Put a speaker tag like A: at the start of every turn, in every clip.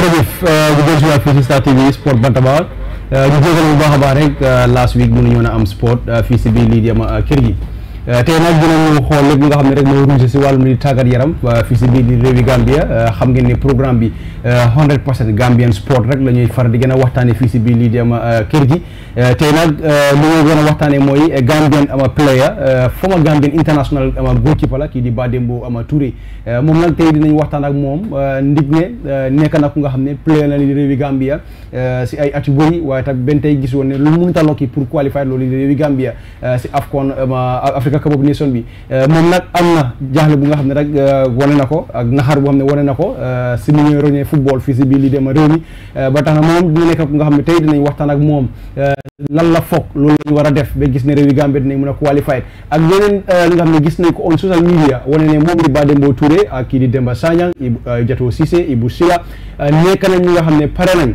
A: jërëjëf ñu euh, jël si waat fii
B: si Star TV sport bantaba euh, ñu jégal bu baax a baax rek euh, last week mënu ñoon a am sport fii si biir lii di ama kër Euh, tey nag dinañu xool lépp li nga xam ne rek mooy ruuse si wàllum li tàggat yaram fii si biir réewi Gambia euh, xam ngeen ne programme bi euh, a waxtaane fii si biir lii di ama kër gi tey nag li ñoo gën a waxtaane mooy Gambian ama player former Gambian international ama goalkeeper la kii di Badembo ama Touré moom nag tey dinañ waxtaan ak moom ndig ne nekk na ku nga xam ne player la li réewi Gambia si ay at yu bëri waaye tamit benn tey gis woon ne lu mënta lokki pour qualifier loolu réewi Gambia si AFCON Africa boobu nation bi euh, moom nag am na jaaxle bu nga xam ne rek euh, wane na ko ak naxar bu xam ne wane na ko euh, si ni ñuy roñee football fii si biir li dema réew mi ba tax na moom dina nekk bu nga xam ne tey dinañ waxtaan ak moom lan la foog loolu la ñu war a def ba gis ne réew yi Gambie dinañ mën a qualified ak yeneen li nga xam ne gis nañ ko on social media wane ne moom di Badembo Touré ak kii di dem Demba Sanyang Jatoo Cissé Ibou Sila nekk nañ ñi nga xam ne pare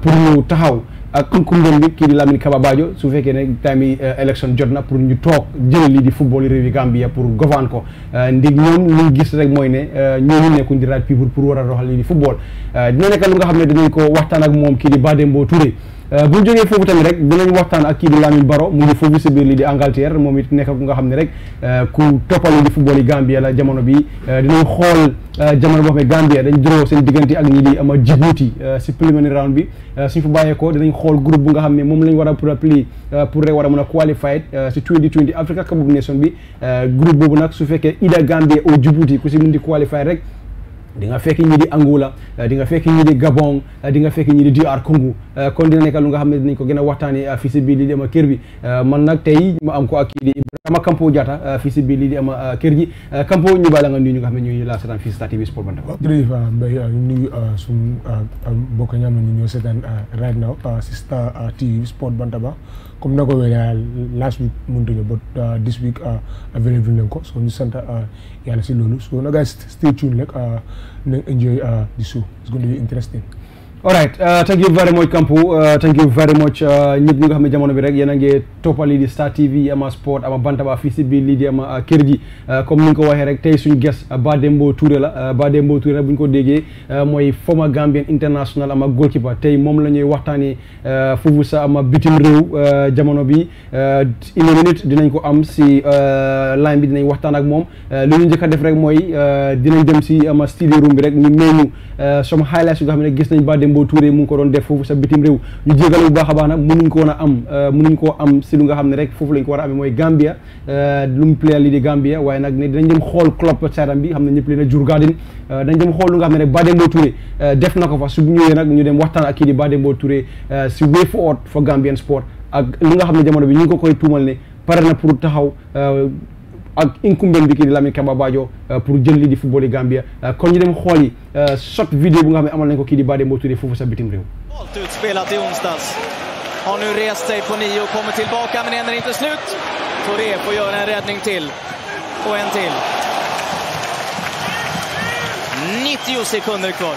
B: pour ñu taxaw ak kuréel bi kii di Lamine Kaba Badio su fekkee ne time yi élection euh, jot na pour ñu toog jël lii di football réew yi Gambia pour govern ko euh, ndig ñoom li ñu gis rek mooy ne euh, ñooñu nekkuñ di raaj people pour war a doxal lii di football dina nekk lu nga xam ne dinañ ko waxtaan ak moom kii di Badembo Touré Euh, bu ñu foofu tamit rek dinañ waxtaan ak kii di Lamine Baro mu ngi foofu si biir li di Angleterre moom it nekk ku nga xam ne rek euh, ku toppalu di football yi Gambia la jamono bi euh, dinañ xool jamono boo xam dañ draw seen diggante ak ñi di ama Djibouti si preliminary round bi suñ fa bàyyeekoo dinañ xool groupe bu nga xam ne moom lañ war a pour a play pour rek war a mën a qualified si 2020 Africa Cup of Nations bi groupe boobu nag su fekkee Ida Gambia au Djibouti ku si mun di qualified rek di nga fekk ñi di Angola eh, di nga fekk ñi di Gabon eh, di nga fekk ñii di DR Congo eh, kon dina nekk lu nga xam ne dinañ ko gën a waxtaanee fii si biir lii di ama kër bi man ma am ko ak kii di Ibrahima Kampo fii si biir di ama kër ji Kampo ñu bàyyi nga nuyu ñu nga xam ne ñooy la seetaan fii si Star TV Sport Bantaba.
A: jërëjëf ah, Mbaye ah, nuyu ah, suñu mbokk ñaam ñu ñëw seetaan comme na ko wéyee last week mënut a ñëw ba this week uh, available nañ so ñu sant uh, yàlla si loolu so na guys stay tuned rek uh, na enjoy the show it's going to be interesting.
B: all right uh, thank you very much Kampo uh, uh, nga xam ne jamono bi rek yéen a ngi toppal lii di Star TV ama sport ama bantaba fii si biir lii di ama uh, kër comme ni nga ko waxee rek tey suñu guest Badembo Touré la Badembo Touré la bu ñu ko déggee mooy former Gambian international ama goalkeeper tey moom la ñuy waxtaanee foofu sa ama bitim réew jamono bi une minute dinañ ko am si line bi dinañ waxtaan ak moom lu ñu njëkk def rek mooy dinañ dem si ama studio room some highlights yu nga xam ne gis nañ Badembo Dembo Touré mu ngi ko doon def foofu sa bitim réew ñu jégalu bu baax a baax nag mënuñ ko woon a am euh, mënuñ koo am si lu nga xam ne rek foofu lañ ko war a amee mooy Gambia euh, lu mu player li di Gambia waaye nag ne dinañ dem xool Klopp seetam bi xam ne ñëpp leen a jur garden euh, dañ dem xool lu nga xam ne rek Ba Dembo Touré def na ko fa su ñëwee nag ñu dem waxtaan ak kii di Ba Dembo Touré si way forward for Gambian sport ak lu nga xam ne jamono bi ñu ko koy tuumal ne ak incumbent bi kii euh, pour jël lii di football yi Gambia euh, kon ñu dem xool yi euh, shot vidéo bu nga xam ne amal nañ ko kii di Badembo Touré foofu sa bitim réew.
C: utspelat i onsdags har nu rest sig på nio och men än inte slut. Touré får göra en räddning till och en till. 90 sekunder kvar.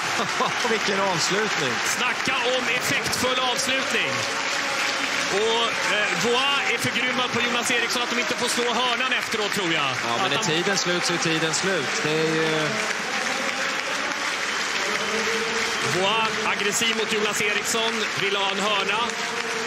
C: Vilken Snacka om effektfull avslutning! Och eh, Bois är förgrymmad Eriksson att de inte får slå hörnan efteråt, tror Ja, men att tiden slut så är tiden slut. Det är ju... Bois aggressiv mot Jonas Eriksson, vill ha en hörna.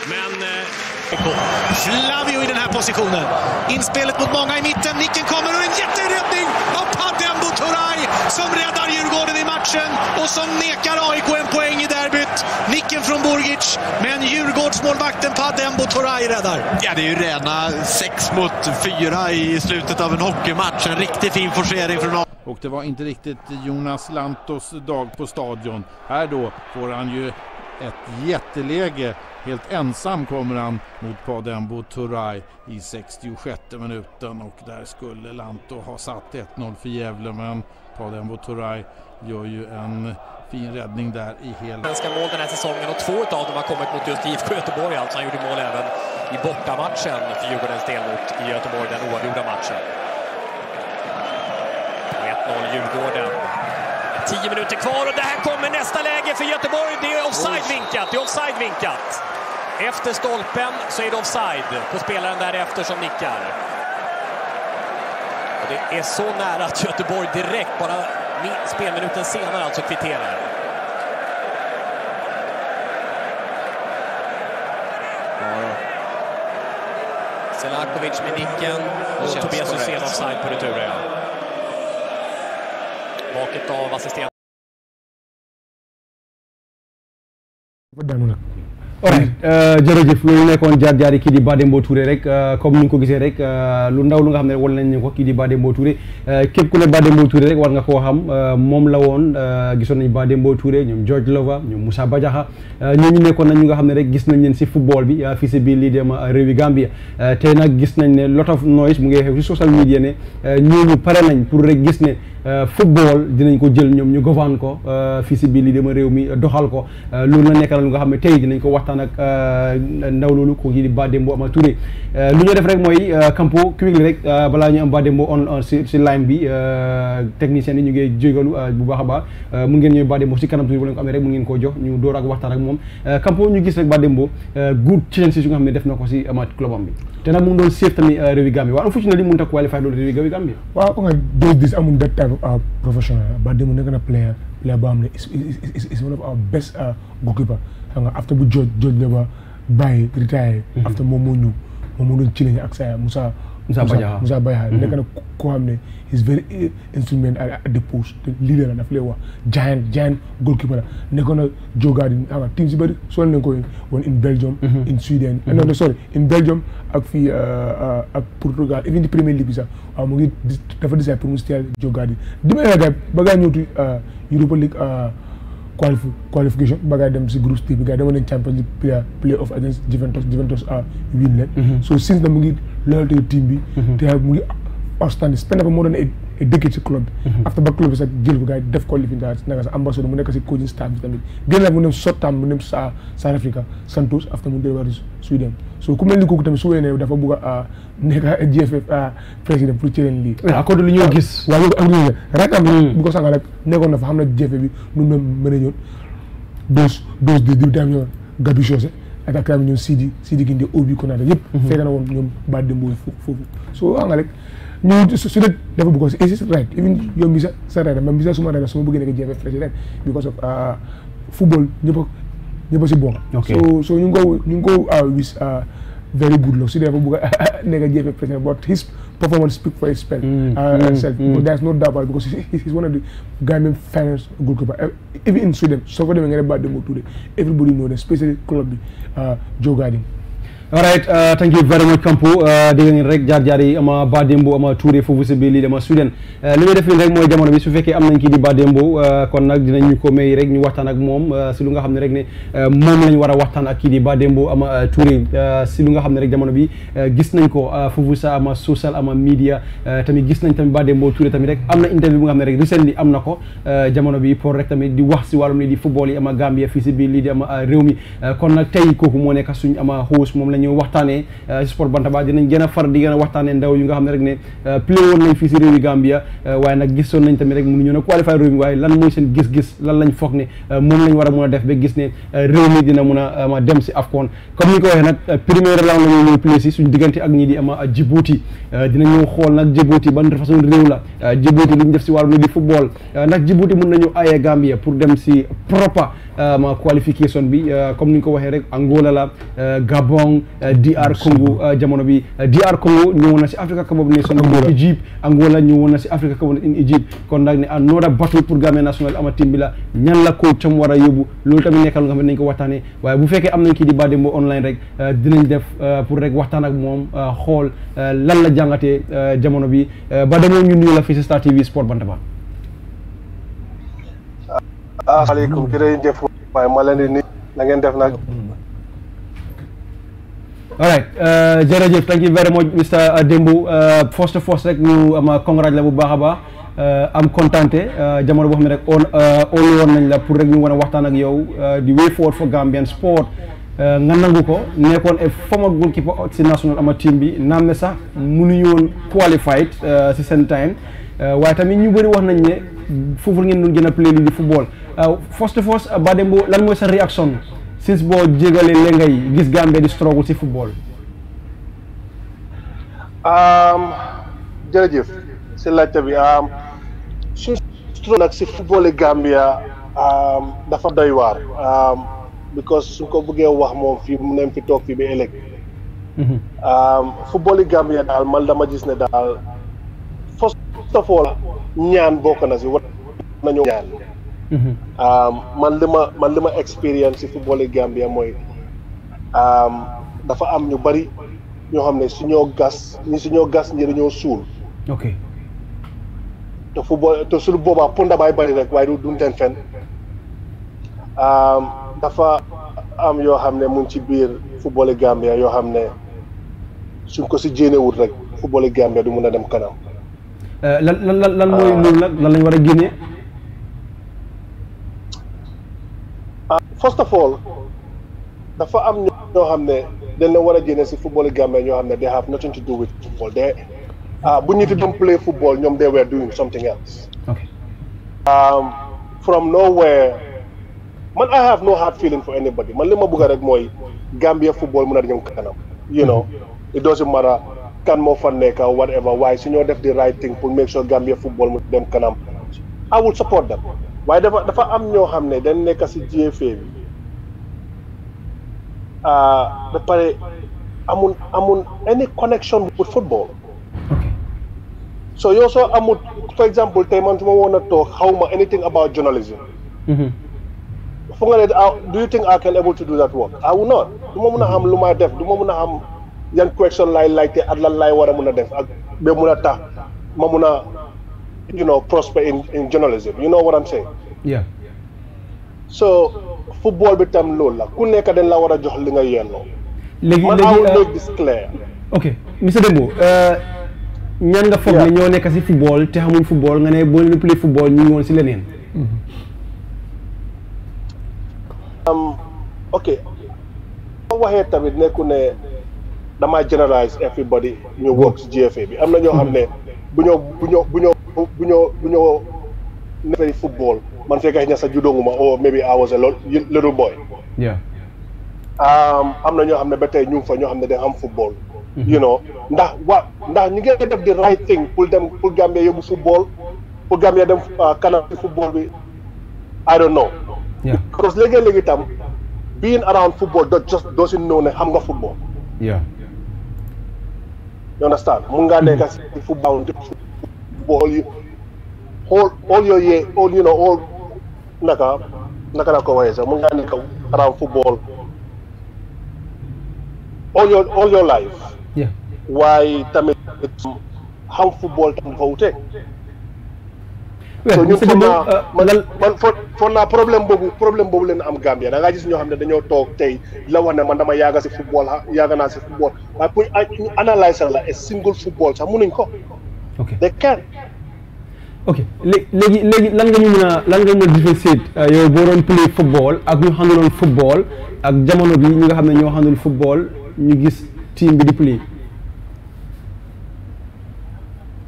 C: Men eh, Flavio i den här positionen. Inspelet mot många i mitten. Nicken kommer och en jätteräddning av Padembo Turay som räddar Djurgården i matchen och som nekar AIK en poäng i derbyt. Nicken från Burgic, men Djurgårdsmålvakten Padembo Turay räddar. Ja, det är ju rena sex mot fyra i slutet av en hockeymatch. En riktigt fin forcering från
D: AIK. Och det var inte riktigt Jonas Lantos dag på stadion. Här då får han ju ett jätteläge. Helt ensam kommer han mot Padembo Turay i minuten och där skulle Lanto ha satt för Gävle men Padembo Turay gör ju en fin räddning där i hela... Svenska mål
C: den här säsongen och två av dem har kommit mot just IFK Göteborg alltså. Han gjorde mål även i bortamatchen för Djurgårdens del mot i Göteborg, den oavgjorda matchen. 1-0 10 minuter kvar och där kommer nästa läge för Göteborg. Det är offside vinkat. Efter stolpen så är det offside på spelaren därefter som nickar. Och det är så nära att Göteborg direkt, bara spelminuten senare, alltså kvitterar. Selakovic
A: med nicken och Tobias Hysén offside på returen. Vaket a assistent.
B: alright uh, jërëjëf loolu nekkoon jaar jaari kii di Badembo Touré rek uh, comme ni nga ko gisee rek uh, lu ndaw lu nga xam ne wan nañ ñu ko kii di Badembo Touré képp ku ne Badembo Touré rek war nga koo xam moom la woon gisoon nañ Badembo Touré ñoom George Lova ñoom Moussa Badiaha ñooñu nekkoon nañ ñu nga xam ne rek gis nañ leen si football bi fii si biir lii dem réewi Gambia tey nag gis nañ ne lot of noise mu ngi xew si social media ne ñooñu pare nañ pour gis ne Euh, football dinañ ko jël ñoom ñu govern ko euh, fii si biir li dama réew mi euh, doxal ko loolu la nekk na lu nga xam ne tey dinañ ko waxtaan ak ndaw loolu ko kii ba Bah Dembo Ama Touré lu ñu def rek mooy Kampo quick rek balaa ñu am Bah Dembo on si si line bi technicien yi ñu ngi jégalu bu baax a baax mun ngeen ñëw Bah Dembo si kanam tuuti bu leen ko amee rek mun door ak waxtaan ak moom Kampo ñu gis rek nga xam ne def na ko si amaat clubam bi te nag mu ngi doon seet tamit réewi Gambie waaw unfortunately mënut a qualifier loolu réewi Gambie
A: waaw on a those days amuñ that time of our professional ba dem nekk na player player boo xam ne is one of our best uh, goalkeeper xam after bu jooj jooj la ba bàyyi retire after moom moo ñu moom moo doon ci lañ ak Moussa Bayaxa Moussa Bayaxa mm-hmm. nekk na koo xam ne is very eh, instrument a the post leader la daf giant giant goalkeeper la na jogaar yi xam nga team si bëri sol nañ ko woon in Belgium mm-hmm. in Sweden mm-hmm. non sorry in Belgium ak fii euh, euh, ak Portugal even di Premier League bi sax waaw dafa décidé pour mu steel jogaar yi di may gars ba Europa League euh, qualif qualification ba gaa dem si group stage bi gaa dama leen Champions League play play off Juventus Juventus a win leen mhm. so since na mu ngi loyalty team bi mhm. te mu ngi outstanding spend ba moo doon a a dëkk club bi mhm. after ba club bi sax jël ko gaa yi def qualifying naka sa ambassadeur mu nekk si coaching staff bi tamit gën naa mu dem sottaan mu dem South Africa Santos after mu delluwaat Sweden so ku mel ni kooku tamit su wéy dafa bugg a nekk GFF ah, président pour cëreen lii. accord lu ñuy ah, gis. waaw ak lu ñuy rakam bu ko na fa xam ne GFF bi nu mu mën a ñëw de di daañu ñëw Gabi Chaussé ak ak ñoom Sidi Sidi Gindé Obi Konaté yëpp. Hmm. fekk na woon ñoom Badi Mbow foofu soo xam nga rek ñu su dafa si et c'est right sa right ma misa suma right su ma bëggee because of ah, football ñëpp a a si bon. ok soo soo ñu ko ñu ngi ko very good la su dee dafa bugg a nekk GFA president but his performance speak for itself. Mm, uh, mm, mm. there is no doubt about it because he is one of the Gambian finance goalkeeper even in Sweden soo ko demee nga ne Bademou Touré everybody know them especially club bi uh, Joe Garding Alright, uh, thank you very much Kampo uh, dégg
B: ngeen rek jaar jaar yi ama Badembo ama Touré foofu si biir lii dama Sweden uh, li may def nii rek mooy jamono bi su fekkee am nañ kii di Badembo uh, kon nag dinañu ko may rek ñu waxtaan ak moom si lu nga xam ne rek ne moom war a ak kii di Badembo ama Touré si nga xam ne rek jamono bi gis nañ ko foofu sa ama social ama media tamit gis nañ tamit Badembo Touré tamit rek am na interview bu nga xam ne rek recently am na ko jamono bi pour rek tamit di wax si wàllum lii di football yi ama Gambia fii si biir lii di ama réew mi kon nag tey kooku moo nekk suñ ama moom lañ ñëw waxtaanee si euh, sport bantaba dinañ gën a far di gën a ndaw yu nga xam ne rek ne euh, play woon nañ fii si réew yi Gambia euh, waaye nag gisoon nañ tamit rek a mun a def ba gis ne réew mi dina mun a ma dem comme ni ko waxee nag première round la ñu ñëw play si suñ diggante ak ñi di ama Djibouti dina ñëw xool nag Djibouti ban façon réew la Djibouti li ñu def si wàllu di football ndax Djibouti mun nañu Gambia pour dem si proper ma qualification bi comme ni ñu ko waxee rek Angola la Gabon Euh, DR Congo euh, jamono bi euh, DR Congo ñëwoon na si Africa Cup of Nations in Egypt Angola ñëwoon na si Africa Cup in Egypt kon nag ni another noora pour Gambia national ama team bi la ñan la ko cam war a yóbbu loolu tamit nekkal nga xam ne nañ ko waxtaanee waaye bu fekkee am nañ kii di Badembo online rek dinañ def pour rek waxtaan ak moom xool lan la jàngate jamono bi ba Badembo ñu nuyu la fii si Star TV Sport Bantaba
E: asalaamaaleykum jërëjëf waaye ma leen def nag
B: all right uh, jërëjëf thank you very much Mr Dembo first of rek ñu am uh, congrats la bu baax a baax uh, am kontante jamono boo xam ne rek on on woon nañ la pour rek ñu mën a waxtaan ak yow di way forward for Gambian sport nga nangu ko nekkoon e former goalkeeper si national ama team bi naam ne sax mënuñu woon qualified si seen time waaye tamit ñu bëri wax nañ ne foofu ngeen doon gën a play lu di football first of all Dembo lan mooy sa réaction sis boo jégalee li ngay gis Gambie di struggle ci football.
E: jërëjëf si laajte bi suñu struggle nag si football Gambia dafa doy waar because su ko bëggee wax moom fii mu ne fi toog fii ba ëllëg. Mhm. football Gambia daal man dama gis ne daal first of all ñaan bokk na si wat nañu ñaan. Um, man li ma man li ma expérience ci football yi Gambia mooy um, dafa am ñu bari ñoo xam ne suñoo gas ñi suñoo gas ñi dañoo suul. ok te football te suñu boobaa punda baay bari rek waaye du dunteen fen um, dafa am yoo xam ne mu ngi ci biir football yi yoo xam ne suñ ko si jéenewut rek football yi du mun a dem kanam.
B: Euh, lan lan lan mooy ah. loolu nag lan lañ war a génnee.
E: first of all dafa am ñoo xam ne dañ la war a génne si football Gambia ñoo xam ne they have nothing to do with football ah, bu ñu fi doon play football ñoom they were doing something else. Okay. Um, from nowhere man I have no hard feeling for anybody man li ma bëgg rek mooy Gambia football mën a jëm kanam you know it doesn't matter kan moo fa nekk whatever waaye su ñoo def the right thing pour make sure Gambia football mu dem kanam I will support waaye dafa dafa am ñoo xam ne dañ nekk si GFA bi ah, ba pare amul amul any connection with football so yow soo amul for example tey man su ma woon a toog xaw ma anything about journalism mhm. fu nga ne ah, do you think I can able to do that work I will not du ma mun a am lu ma def du ma mun a am yan question lay laajte ak lan laay war a mun a def ak ba mun a tax ma mun a you know, prosper in, in journalism. You know what I'm saying? Yeah. So football bi tam loolu la ku nekk dañ la war a jox li nga yelloo. léegi léegi man I will euh, make
B: this euh, nga foog ne ñoo nekk si football te xamuñ football nga ne boo leen play football ñu ngi woon si leneen.
A: Mm-hmm.
E: Um, ok boo waxee tamit nekku ne damaa generalize everybody ñu work si GFA bi am na ñoo xam ne bu ñoo bu ñoo bu ñoo bu ñoo necessary football man fekk ay ñasa juddooguma or oh, maybe I was a little boy um, am na ñoo xam ne ba tey ñu fa ñoo xam ne dañ am football you know ndax wa ndax ñi ngi def di right thing pour dem pour Gambia yóbbu football pour Gambia dem uh, kanam football bi I don't know because léegi-léegi tam being around football do just doesn't know ne xam nga football you understand mun all you all you know all naka naka laa ko waxee sax mun ngaa nekk around football all your all your life. waaye tamit xam football tam dafa wute.
B: so ñun foog uh,
E: naa man foog naa problème boobu leen am Gambia da ngaa gis ñoo xam ne dañoo toog tey la wax ne man dama yaaga si football yaaga naa si football waaye pour ñu analyser la et single football sax munuñ ko. ok they can.
B: ok léegi léegi lan nga ñu mën a lan nga mën a différencier euh, yow boo doon play football ak ñu xamuloon football ak jamono bi ñi nga xam ne ñoo xamul football ñu gis team bi di play.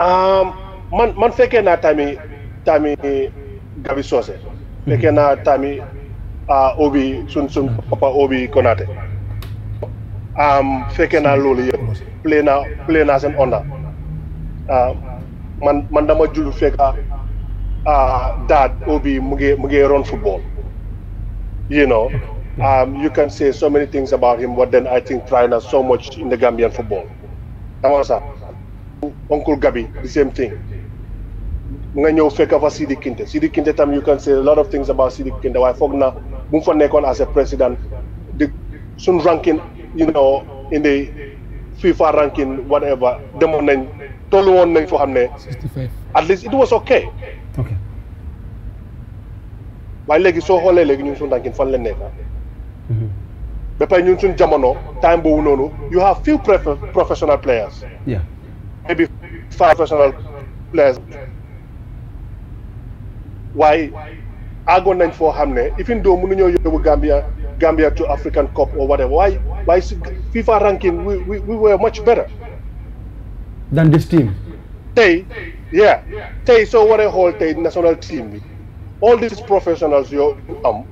E: Um, man fekkee naa tamit tamit Gabi Socé. Mhm. fekkee naa tamit uh, Obi sun sun mhm. papa Obi Konaté. Um, fekkee naa loolu yëpp play naa play naa seen onda. Ah, man man dama jull fekk ah, ah, dad Obi mu ngi mu ngi run football. You know, um, you can say so many things about him, but then I think trying so much in the Gambian football. Amasa, Uncle Gabi, the same thing. nga ñëw fekk fa Sidi Kinte tam you can say a lot of things about Sidi Kinte waaye foog na bu mu fa nekkoon as a president di ranking you know in FIFA ranking whatever demoon nañ tollu woon nañ foo xam ne. 65 at least it was ok waaye léegi soo xoolee léegi ñun suñu ranking fan la nekk. Mhm. ba pare ñun suñu jamono time boobu noonu you have few professional players. yeah maybe nañ foo xam ne even though mënuñoo yóbbu Gambia. Gambia to African Cup or whatever. Why, why FIFA ranking, we, we, we were much better.
B: Than this team?
E: Tay, yeah. Tay, so what a whole Tay national team. All these professionals you um,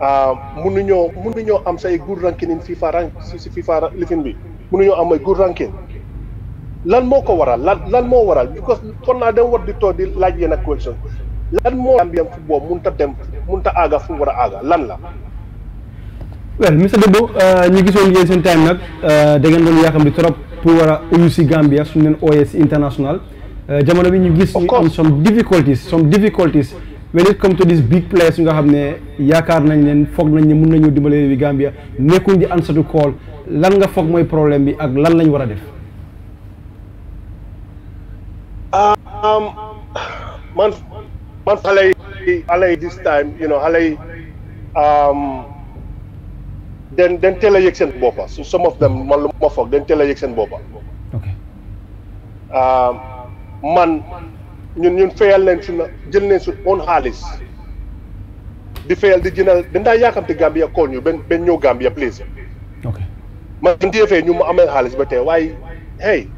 E: ah, mënuñoo mënuñoo am say good ranking in FIFA rank si FIFA lifin bi mënuñoo am ay good ranking lan moo ko waral lan lan moo waral because kon naa dem war di toog di laaj yenn question lan moo Gambian football mënut a dem mënut a aaga fu mu war a aaga lan la.
B: wel monsieur Debo euh, ñu gisoon yéen seen time nag euh, da ngeen doon yaakaar trop pour war a uyu si leen ooyee si international euh, jamono bi ñu gis. ñu am some difficulties some difficulties. when it comes to these big nga xam ne yaakaar nañ leen foog nañ ne mun nañu dimbale bi Gambia nekkuñ di answer to call lan nga foog mooy problème bi ak lan lañ war a def.
E: Um, really Alay this time you know Alay um, den den teel a yëg seen boppa so some of them man lu ma foog den teel a seen seen boppa um, man ñun ñun fayal leen su na jël leen su own xaalis di fayal di jënal dañ daa yaakamte Gambia kool ñu ben ben ñëw Gambia please man dee fee ñu mu amee xaalis ba te waaye hey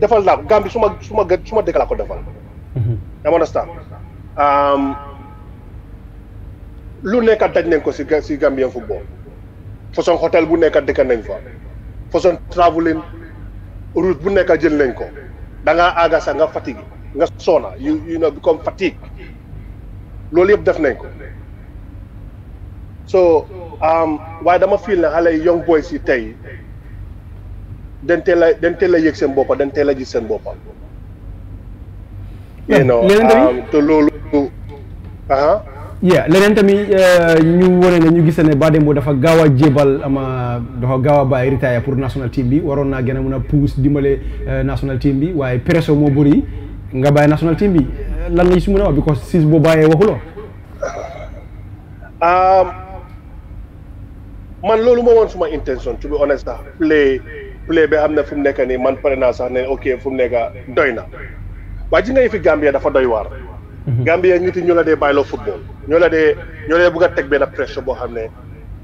E: defal naa ko Gambie su ma su ma gë laa ko defal mhm. am understand um, lu nekka daj nañ ko si si Gambien football façon hôtel bu nekkat dëkk nañ fa façon travelling route bu nekkat jël nañ ko da ngaa àgga sax nga fatigue nga soona you you know become fatigue loolu yëpp def nañ ko so um, waaye dama fiil ne xale young boys si tey dañ la a la teel a yëg seen boppa dañ teel a gis seen boppa
B: you know um,
E: te loolu ah
B: yeah leneen tamit euh, ñu wane ne ñu gis ne Badembo dafa gaaw a jébal ama dafa gaaw a bàyyi retire pour national team bi waroon naa gën a mun a pousse dimbale euh, national team bi waaye pression moo bëri nga bàyyi national team bi lan lañ su mën a wax because siis boo bàyyee waxuloo ah,
E: man loolu moo woon suma intention to be honest sax play play ba xam ne fu mu nekk nii man pare naa sax ne ok fu mu nekk doy na waaye ji nga yëfi Gambia dafa doy waar Mhm. Gambia nit yi ñoo la dee bàyyiloo football ñoo la dee ñoo la dee bëgg teg benn pression boo xam ne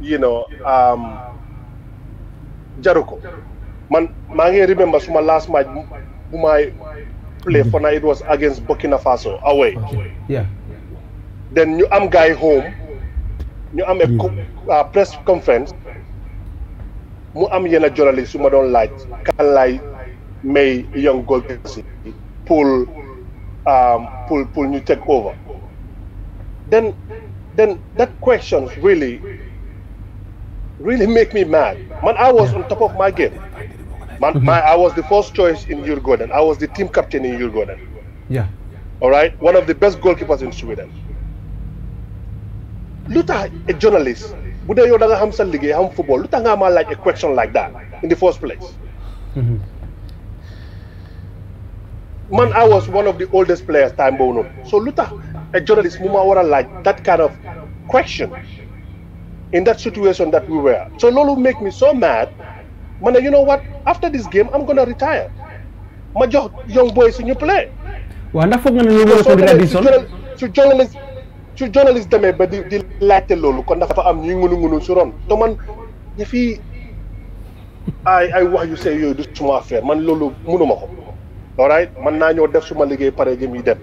E: you know um, jaru ko man maa ngi remember suma last match bu maay play for na it was against Burkina Faso away then ñu am guy home ñu am a mm. uh, press conference mu am yenn journaliste su ma doon laaj kan laay may young goal si pour Um, pour pour ñu take over then then that question really make me mad man I was on top of my game man mm-hmm. my I was the first choice in Djurgården I was the team captain in Djurgården yeah one of the best goalkeepers in Sweden lu a journalist bu dee yow da nga xam sa liggéey xam football lu tax nga laaj a question like that in the first place mm-hmm. man I was one of the oldest players time boobu noonu so lu tax a journalist mu ma war laaj that kind of question in that situation that we were so loolu make me so mad ma ne you know what after this game I'm gonna retire ma jox young boys ñu play. waaw ndax foog nga ne ñu war a ko di su journalist su journalist ba di di laajte loolu kon dafa am ñuy ngunu ngunu su ron te man ñu fii ay ay wax yu see yooyu du suma affaire man loolu mënuma ko. alright mën naa ñëw def su ma liggéey pare jëm yi dem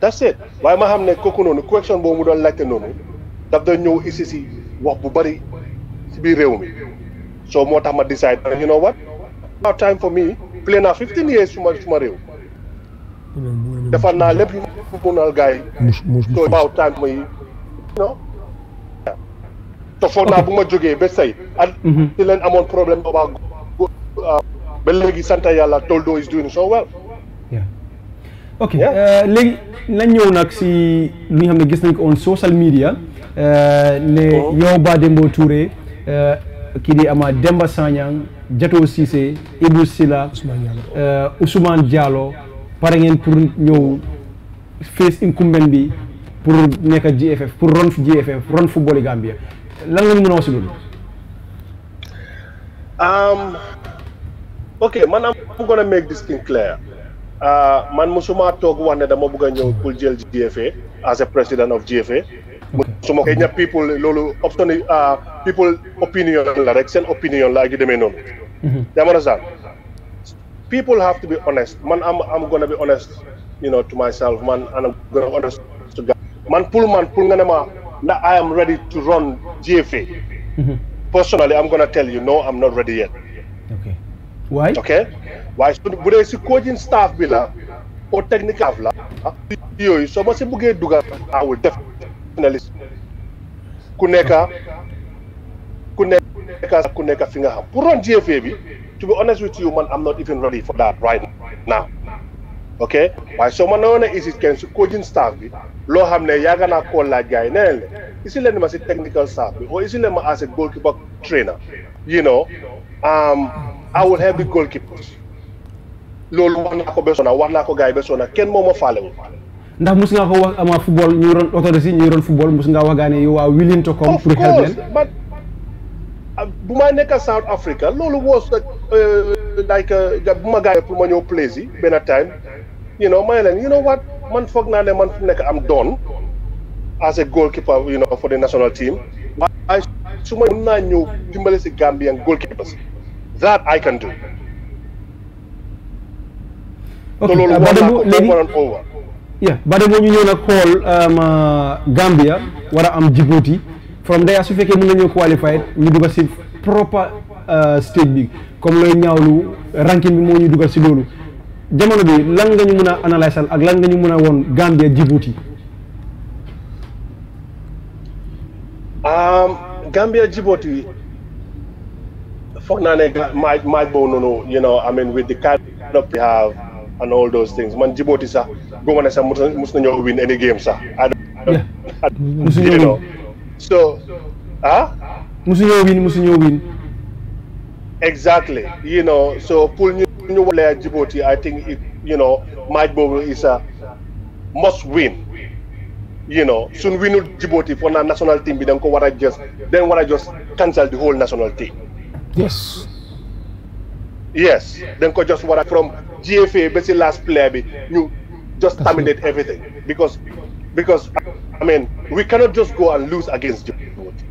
E: that's it waaye ma xam ne kooku noonu correction boobu mu doon laajte noonu daf doon ñëw ici si wax bu bari si biir réew mi so moo tax ma decide you know what now time for me play naa fifteen years suma suma réew defar naa lépp yu munal gars yi so about time for me naa bu ma jógee ba say at mm-hmm. si leen amoon problème boobaa ba léegi sant yàlla Toldo is doing so well.
B: ok euh, léegi lañ ñëw nag si li nga xam ne gis nañ ko on social media euh, ne oh. yow Bah Demba Touré euh, kii di ama Demba Sanyang Jato Cissé Ibou Sila Ousmane Diallo pare ngeen pour ñëw face incumbent bi pour nekk GFF pour ron GFF ron football Gambia lan lañ mën a wax si loolu
E: um, ok man am bëggoon a make this thing clear ah, man musuma toog wax ne dama bëgg a ñëw pour jël GFA as a president of GFA. su ma koy ña people loolu option ah, people opinion la rek seen opinion la ak yu demee noonu. jamono mhm. sax people have to be honest man am am gonna be honest you know to myself man anam man pour man pour nga ne ma ndax I am ready to run GFA. Mhm. personally I'm gonna tell you no I'm not ready yet. waay ok waaye bu dee si coaching staff bi la au technique la ah, yooyu soo ma si buggee dugal awul def finaliste ku nekka ku nekka ku nekka fi nga xam pour ron GFA bi to be honest with you man am not even ready for that right now ok waaye soo ma noonu ne isi kenn si coaching staff bi loo xam ne yaaga naa koo laaj gars yi neneen le isi leen ma si technical staff bi oo isi leen ma as a goalkeeper trainer you know Um, I will help the goalkeepers loolu wax naa ko ba wax naa ko gars yi ba sona kenn moo ma faalewu
B: ndax mus nga ko wax ama football ñu doon autorité ñu doon football mus nga waxgaane yow waa willing to come uh,
E: bu ma nekk South Africa loolu was uh, uh, like bu ma gars pour ma ñëw place yi benn time you know what man foog naa ne man fu nekk am doon as a goalkeeper you for the national team ay su ma mën naa ñëw dimbale si Gambia goalkeepers that I
B: war a am Djibouti from there su fekkee mën nañoo qualified ñu dugg si proper uh, stage bi comme looy ñaawlu ranking bi moo ñu dugal si loolu jamono bi lan nga ñu mën a analysal ak lan nga ñu mën a woon Gambia Djibouti.
E: Um, Gambia Djibouti foog naa ne match match boobu noonu you know I mean with the kind of we have and all those things man Djibouti sax guma ne sax mus nañoo win any game sax. musuñoo win so ah.
A: musuñoo win musuñoo win.
E: exactly you know so pour ñu ñu wala Djibouti I think you know match boobu is a must win. you know, soon we know Djibouti for our national team, we don't go what just, then what I just cancel the whole national team. Yes. Yes. Then go just what from GFA, basically last player, you just terminate everything because, because I mean, we cannot just go and lose against Djibouti.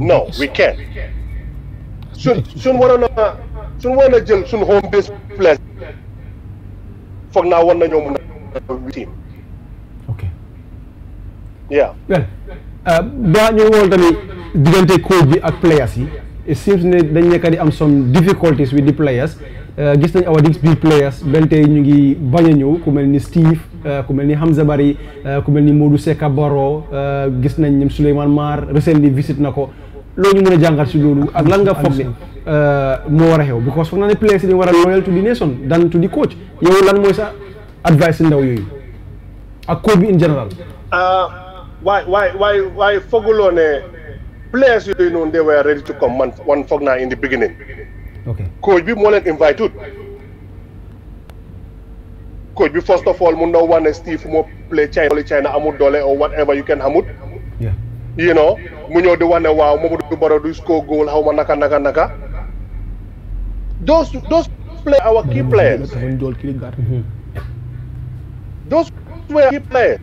E: No, we can't. Soon, soon we wanna, soon soon home base players. For now, one team.
B: Yeah. Well, daa uh, ñuy wool tamit diggante coach bi ak players yi it seems ne dañ nekk di am some difficulties with the players uh, gis nañ our big players benn tey ñu ngi bañ a ñëw ku mel ni Steve uh, ku mel ni Hamza Bari ku mel ni Modou Seka Baro gis nañ ñoom Souleymane Mar recently visit na ko loolu ñu mën a jàngat si loolu ak lan nga foog ne moo war a xew because foog naa ne players yi dañu war a loyal to the nation dan to the coach yow lan mooy sa advice ak coach bi in general
E: why waaye why why Fogolone players you know they were ready to come one, one Fogna in the beginning. Okay. Coach be more than invited. Coach be first of all Mundo one Steve more play China China Amud or whatever you can Hamud. You know, Munyo the one wow Mobudu Barodu score goal, how manaka naka naka. Those those play our key mm-hmm. players. Mm-hmm. Those were players.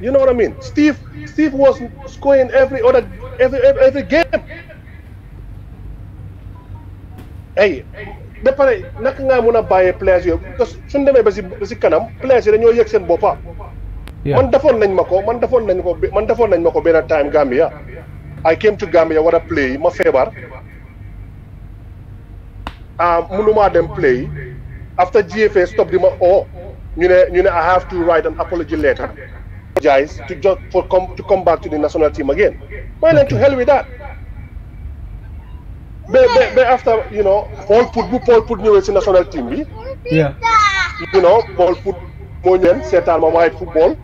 E: You know what I mean? Steve Steve was scoring every other every every, game. Hey, ba pare naka ngaa mën a bàyyee players yooyu parce demee ba si ba si kanam players yi dañoo yëg seen boppa man defoon nañ ma ko man defoon nañ ko man defoon nañ ma ko benn time Gambia. I came to Gambia war a play ma feebar ah mënumaa dem play after GFA stop di ma oo oh, ñu ne ñu ne I have to write an apology letter. apologize to just for come to come back to the national team again. Well, then to hell with that. But, but, but after you know, Paul put Paul put me in national team. Be? Yeah. You know, Paul put Monyen set my football.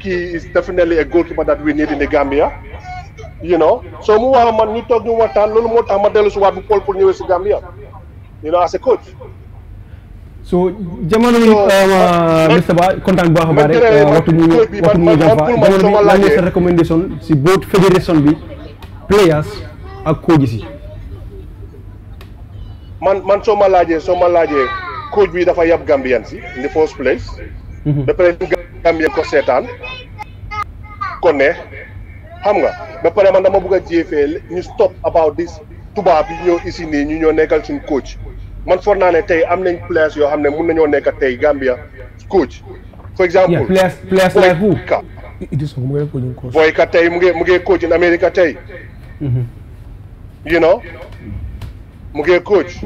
E: He is definitely a goalkeeper that we need in the Gambia. you know so mu wax man ñu toog ñu waxtaan loolu moo tax ma dellu si waat bu Paul pour ñëwee si Gambia you know as a coach
B: so jamono yi euh, Mr euh, Ba kontaan bu baax a baax rek euh, waxtu mu ñu waxtu mu ñu jàmpa jamono bi lan sa recommendation si both fédération bi players ak coach si
E: man man soo ma laajee soo ma laajee coach bi dafa yab Gambian si in the first place mhm. ba pare Gambian ko seetaan kon ne xam nga ba pare man dama bëgg a jéefee ñu stop about this tubaab yi ñëw ici nii ñu ñoo nekkal suñu coach man foog naa ne tey am nañ players yoo xam ne mun nañoo nekk tey Gambia coach. for example yeah, players players like who. Ka tey mu ngi mu ngi coach in America tey. Mm-hmm. you know mu ngi coach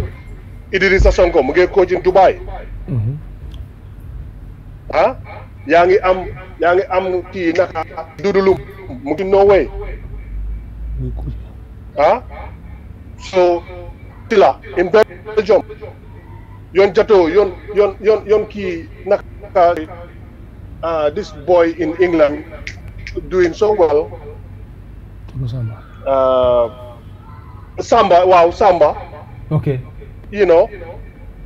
E: Idrissa Sonko mu ngi coach in Dubai. ah yaa ngi am yaa ngi am kii naka Dudulum mu ngi Norway ah so. Tila yoon Jato yoon yoon yoon yoon kii naka uh, this boy in England doing so well ah, Samba waaw Samba okay you know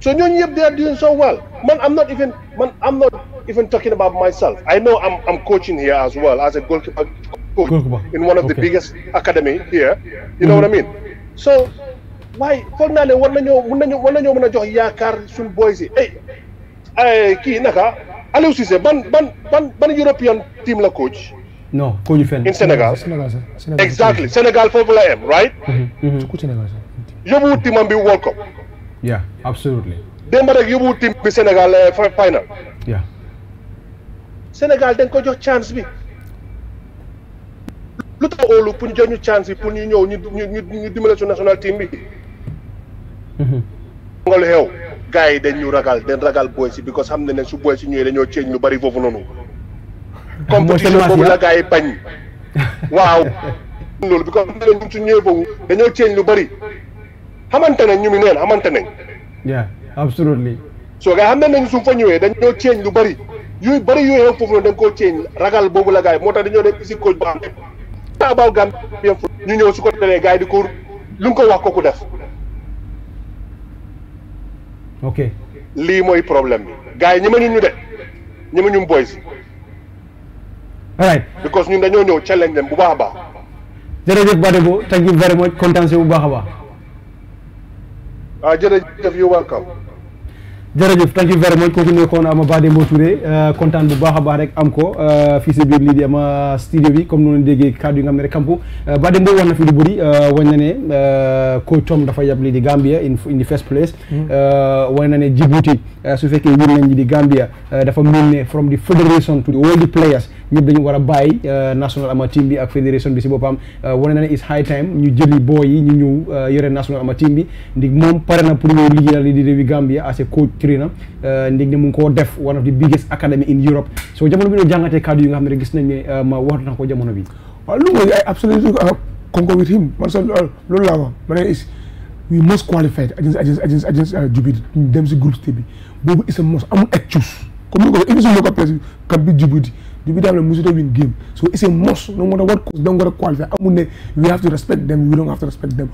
E: so ñooñu yëpp they are doing so well man I'm not even talking about myself I know I'm coaching here as well as a goalkeeper in one of the biggest academy here you know mhm. what I mean so waaye foog naa ne war nañoo mun nañu war nañoo mën a jox yaakaar suñu boys yi ay eh, eh, kii naka Aliou Cissé ban ban ban ban European team la coach. non koo ñu fenn. in Sénégal Sénégal Sénégal exactly Sénégal foofu la am right. yo mhm, Sénégal mhm. sax. yóbbuwul teamam bi World Cup. yeah absolutely. démb rek yóbbuwul team bi senegal eh, final. yeah. Sénégal dañ ko jox chance bi. lu tax óolu pour ñu jox ñu chance bi pour ñu ñëw ñu ñu ñu dimbale su national team bi. nga lu xew gars yi dañ ragal dañ ragal booy si because xam ne ne su booy si ñëwee dañoo ceeñ lu bari foofu noonu compétition boobu la gars yi bañ waaw loolu because xam ne ne su ñëwee foofu dañoo ceeñ lu bari xamante nañ ñu mi neen xamante nañ
B: yeah absolutely
E: so gars xam ne nañ su fa ñëwee dañoo ceeñ lu bari yooyu bari yu xew foofu noonu dañ koo ceeñ ragal boobu la yi moo tax dañoo dem si coach bu am ñu ñëw su ko telee gars yi di ko lu nga ko wax ko ku def ok lii mooy problème bi gars yi ñemañu ñu de ñu ma ñemañu boys. right because ñun dañoo ñëw challenge dem bu baax a baax. jërëjëf
B: Badebo thank you very much kontaan si bu baax a baax.
E: ah jërëjëf you welcome.
B: jërëjëf thank you very much kooku nekkoon Ama Bademba Touré euh, kontaan bu baax a baax rek am ko euh, fii si biir lii di Ama studio bi comme noonu déggee kàddu yi nga xam ne rek kampu euh, Bademba na fi lu bëri wañ na ne coach Tom dafa yab lii di Gambia in the first place hmm. wañ na ne Djibouti su fekkee wér nañ di Gambia dafa mel ne from the federation to all the players ñëpp dañu war a bàyyi euh, national ama team bi ak fédération bi si boppam euh, wane na ne it's high time ñu jëli booy yi ñu ñëw euh, yore national ama team bi ndig moom pare na pour ñëw liggéeyal di réewi Gambia as a coach trainer ndig ne mu ngi koo def one of the biggest academy in Europe so jamono bi
A: noo jàngatee kàddu yi nga xam ne gis nañ ma wax na ko jamono bi waaw lu mooy ay absolutely ah, concur with him man sa uh, loolu laa wax ma ne is we must qualified against against against against uh, Jubi dem a must amul Dubi Dabo must win game. So it's a must. No matter what coach don't got to qualify. Amune, we have to respect them. We don't have to respect them.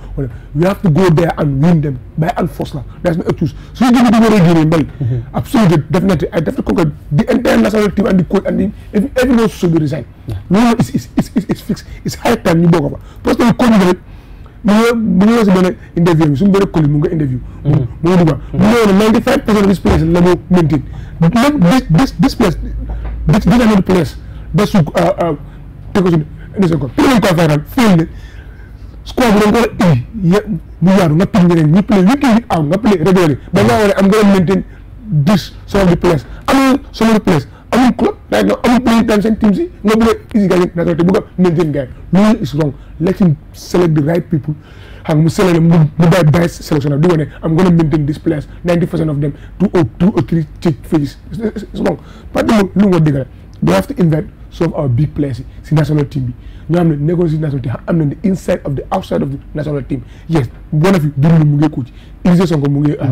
A: We have to go there and win them by and force. Lah. There's no excuse. So you give me the way you mm-hmm. Absolutely, definitely. I definitely concur. The entire national team and the coach and the, everyone should be resigned. Yeah. No, it's, mu ngi mu ngi si benn interview bi suñu benn collègue mu ngi ko interview. Mm-hmm. mu mu ngi dugal. mu ngi woon ne ninety five percent this, this another place. That's uh, uh, take us in this second. People don't qualify that. Fail it. Squad don't go in. Yeah, we are not playing. We play week in, out, not play regularly. But now I'm going to maintain this some of the players. I mean, some of the players. I mean, club right now. I mean, playing times and teams. Nobody is getting that. They book up maintain guy. No, it's wrong. Let him select the right people. and selling them the best selection of doing it. I'm going to maintain this place. 90% of them, two or two or three cheap fees. It's, it's long. But they, look what they have to invent some of our big players in national team. Now I'm the negotiating national team. I'm the inside of the outside of the national team. Yes, one of you didn't munge coach. Ilse songo munge ah,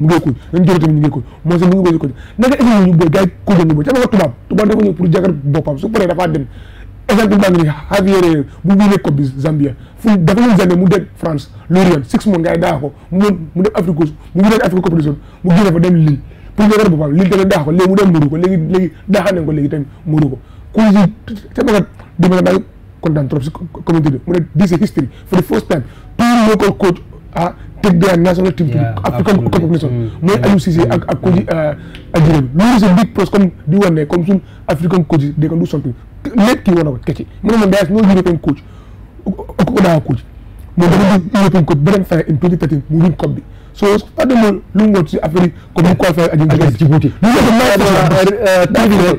A: munge coach. Njoto munge coach. Mose munge coach. Naga ezi munge guy coach munge. Chama kutuba. Tuba ndeko nyo puru jagar bopam. Super rafa dem. exemple Coupe d'Amérique Javier bu wiinee coupe bi Zambia fu dafa ñëw Zambia mu dem France loolu six mois nga yi daa ko mu mu dem Afrique Coupe mu wiinee Afrique dem Lille pour ñu war boppam tamit daa ko léegi Morocco léegi léegi daaxal ko léegi tamit Morocco ku te bagat dima la daal kontaan si history for the first time two local coach ah take their national team to African Cup of Nations mooy Aliou Cissé ak ak coach yi euh, ak Giroud loolu big plus comme di wane comme letkigona ko kecce minimum there's no European coach okukoɗaga coach mo dafa ɗum European coach beren faye en 2013 mo win cobbe so fademo lungoti affaire comme ko fa ajin daga Djibouti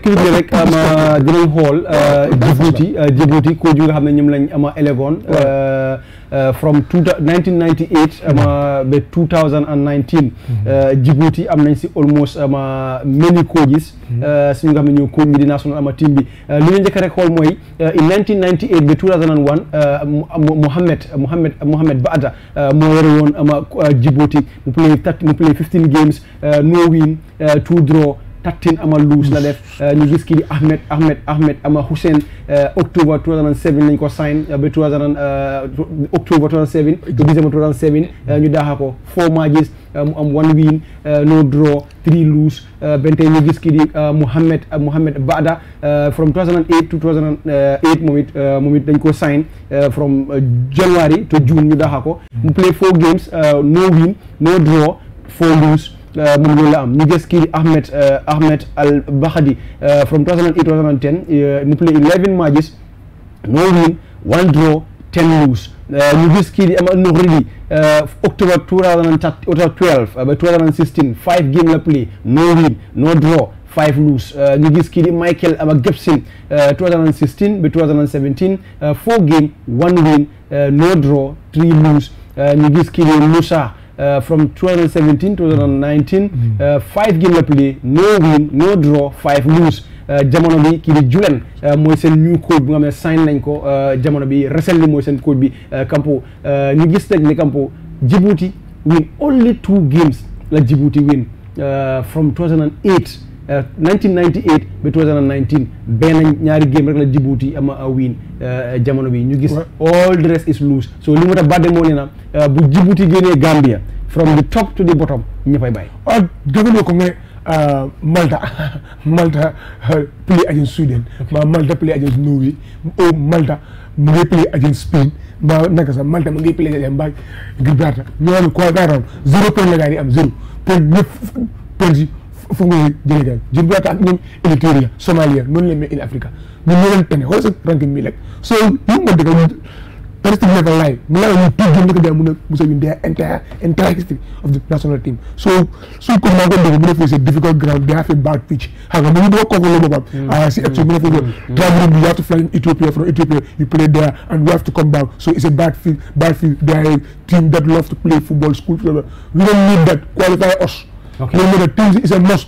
A: cricket rek ama
B: dinañ xool euh, Djibouti ko euh, coach yi nga xam ne ñoom lañ ama élève euh, uh, from two 1998 ama uh, ba 2019 mhm. uh, Djibouti am nañ si almost ama uh, many coaches mhm. si ñu nga xam ne ñoo coach bi di national ama team bi li ñu njëkk rek xool mooy in 1998 ba 2001 Mohamed Mohamed Mohamed Baada moo yore woon ama Djibouti mu play mu play 15 games no win two draw Tatin ama Luus la euh, ñu gis kii di Ahmed Ahmed Ahmed ama Hussein euh, octobre 2007 lañ ko sign euh, ba 2000 octobre 2007 ba décembre 2007 ñu daaxa ko four matches am one win no draw three lose benn ñu gis kii di Mohamed Mohamed Bada from 2008 to 2008 moom dañ ko sign from January to June ñu daaxa ko mu play four games no win no draw four lose Euh, moom loolu la am kii Ahmed euh, Ahmed Al Bahadi euh, from 2008 2010 mu play 11 matches no win one draw lose ñu gis kii di Amad Nouridi October 2012 ba 2016 five game la play no win no draw lose ñu gis kii di Michael Aba Gibson 2016 ba 2017 four game one win no draw lose ñu gis kii di Moussa uh, from 2017 to 2019. Mm. Uh, five game la play no win no draw five lose. Uh, jamono bi kii di Julen uh, mooy seen new coach bi nga xam sign nañ ko uh, jamono bi recently mooy seen code bi Kampo ñu gis nag ne Kampo Djibouti win only two games la Djibouti win from 2008. 1998 eh, ba 2019 benn ñaari game rek la Djibouti am a win eh, jamono bi ñu gis all the rest is loose
A: so li mu tax Badde moo ne na eh, bu Djibouti génnee Gambia from the top to the bottom ñëppay bàyyi ah dégg ko mais Malta Malta play against Sweden ma Malta play against Norway o oh, Malta mu ngi play against Spain ma naka sax Malta mu ngi play against Mbaye Gibraltar ñooñu quoi zéro point la gaa yi am zéro point ñëpp point yi foofu nga jëlee daal jën bu laata ak ñoom électeurs ya somalia noonu la mel in Africa ñun ñoo leen tane xoolal a ranking mi lekk so ñu ma dëggal terrestre level laay mu laa ñu tudd jëm ko daa mun a they are entire history of the national team so so ko maa ko mu ne fii c'est difficult ground they have a bad pitch xam nga mu ngi bëgg a kooku boppam mm. ah si action mu ne fii traveling you have to fly in Ethiopia from Ethiopia you play there and you have to come back so it's a bad a ñoo mën a Tunisie is a must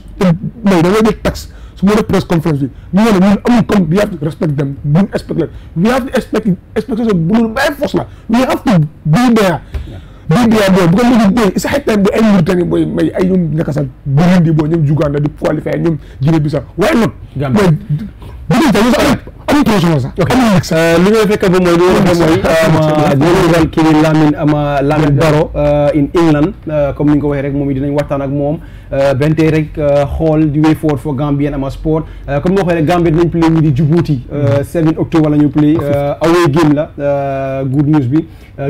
A: mooy da ngay def taxe su ma def press conference bi ñu ne ñun amul comme we have to respect them buñ expect leen we have to expect expectation bu loolu bàyyi force la we have to be there be there booy bu ko léegi booy isa time bu ay Mauritanie booy may ay ñoom naka sax Burundi booy ñoom Uganda di qualifier ñoom Guinée Bissau waaye nag booy bu dee sax Euh, li ngay fekk ba mooy li nga fekk mooy euh,
B: général kii Lamine ama Lamine Baro euh, in England comme ni nga ko waxee rek moom it dinañ waxtaan ak moom Euh, benn tey rek euh, xool di way forward for Gambia ama sport euh, comme noo xoolee rek Gambia dinañ
A: play ñu di Djibouti
B: 7 mm-hmm. octobre la ñu play away game la good news bi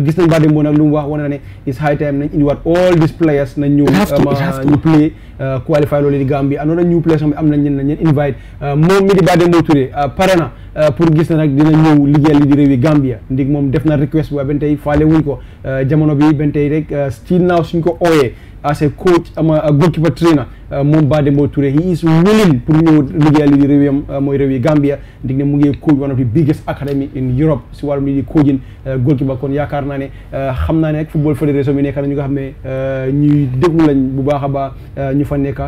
B: gis nañ ba dem boo nag lu mu wax wane na ne it's high time nañ indiwaat all these players nañ ñëw um, ñu play qualify loolu di Gambia anoon na new players am nañ ñeen ñeen invite moom mi di ba dem boo turee pare na pour gis na nag dina ñëw liggéeyal li di réewi Gambia ndig moom def na request bu waa ko jamono bi benn tey rek ci naaw suñ ko ooyee as a coach, I'm a, a goalkeeper trainer. Euh, moom Bademba Touré he is willing pour ñëw liggéeyal li réewam euh, mooy réew yi Gambia ndig ne mu ngi coach one of the biggest academy in Europe si wàllum li di coaching euh, goalkeeper kon yaakaar naa ne xam naa ne rek football fédération bi nekk na ñu nga xam ne ñuy déglu lañ bu baax a baax ñu fa nekk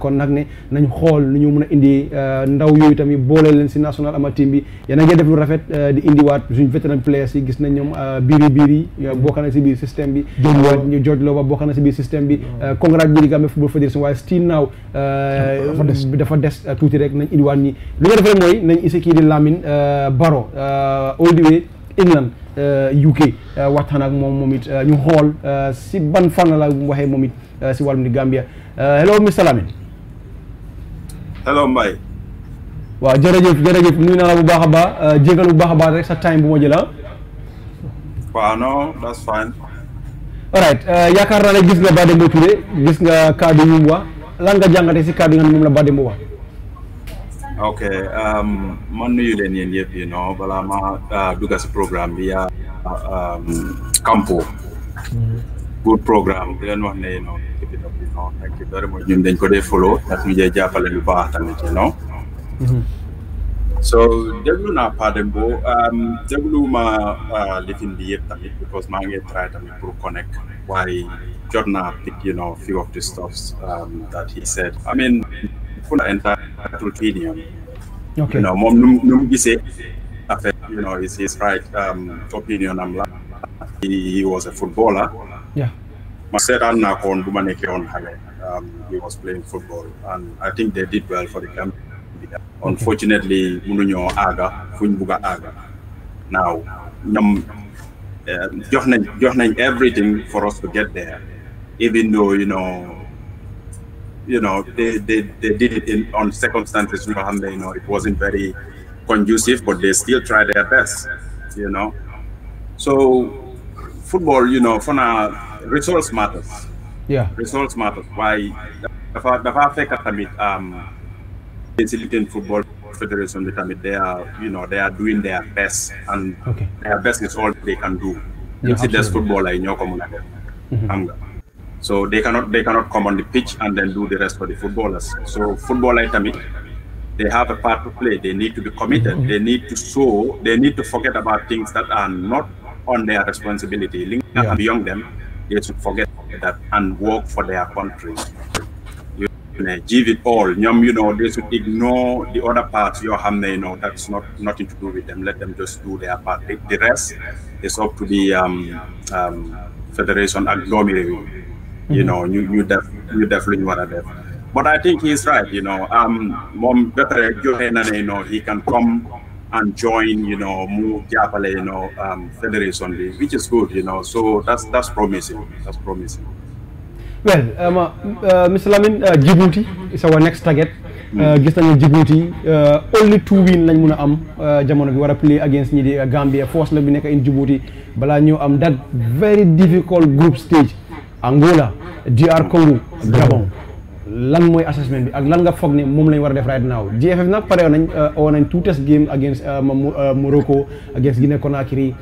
B: kon nag ne nañ xool lu ñu mën a indi ndaw yooyu tamit boole leen si national amatim bi yéen a ngi def lu rafet di indiwaat suñ vétéran players yi gis nañ ñoom biiri biiri bokk na si biir système bi ñu George Loba bokk na si biir système bi congrats ginnaaw. dafa euh, des dafa des euh, tuuti rek nañ indiwaat ñi li nga def rek mooy nañ isi kii di Lamine euh, Baro all the way England UK waxtaan ak moom moom it ñu xool si ban fànn la mu waxee moom it si wàllum di Gambia hello Mr Lamine. hello Mbaye. waaw jërëjëf jërëjëf nuyu naa la bu baax a baax jégalu bu baax rek sa time bu ma jëla ah. waaw yaakaar naa ne gis nga Bademba Touré gis nga kaddu yu mu lan nga jàngate si kàddu yi nga xam ne moom la Bademba wax.
D: ok um, man nuyu leen yéen yëpp yi non balaa ma uh, dugg si programme bi yaa um, Kampo. Mm-hmm. good programme bi leen wax ne non non ñun dañ ko dee follow ndax ñu jee jàppale lu baax tamit non. Mm-hmm. so déglu naa Padem Bo um, dégluwuma uh, lifin bi yëpp tamit because maa ngi try tamit pour connect waaye jot naa pick you know few of the stuffs um, that he said I mean full entitled opinion
B: you know moom num nu mu
D: gisee affaire you is right um, opinion am la he was a footballer yeah ma seetaan naa ko woon xale he was playing football and I think they did well for the country unfortunately mënuñoo aaga fuñ bugg a aaga now ñoom eh, jox nañ jox nañ everything for us to get there even though you know you know they they, they did it in on circumstances you know, you know it wasn't very conducive but they still tried their best you know so football you know for now results matters yeah results matters why dafa dafa fekk tamit um, facilitating football federation they, can, they are you know they are doing their best and okay. their best they can do yeah, see there's football ñoo ko mun a def xam nga so they cannot they cannot come on the pitch and then do the rest for the footballers they have a part to play they need to be committed mm-hmm. they need to forget about things that are not on their responsibility li nga xam beyond them they should forget that and work for their country give it all ñoom you know they should ignore the other parts yoo xam ne you know that's not nothing to do with them let them just do their part the rest is up to the um, um, fédération ak you mhm. know ñu ñu def ñu def lu ñu war a def but I think he's right you know um, moom ba na ne you know he can come and join you know mu jàppale you know fédération bi which is good you know so that's that's promising that's promising
B: well um, uh, Mr. Lamine uh, Djibouti is our next target euh, gis nañu Djibouti euh, only two win lañ mun a am euh, jamono bi war a play against ñi di Gambia force la bi nekk in Djibouti balaa ñu am that very difficult group stage Angola DR Congo Gabon lan mooy assessment bi ak lan nga foog ne moom lañ war a def right now GFF nag pare nañ euh, oo nañ two test game against euh, euh, Morocco against Guinée Conakry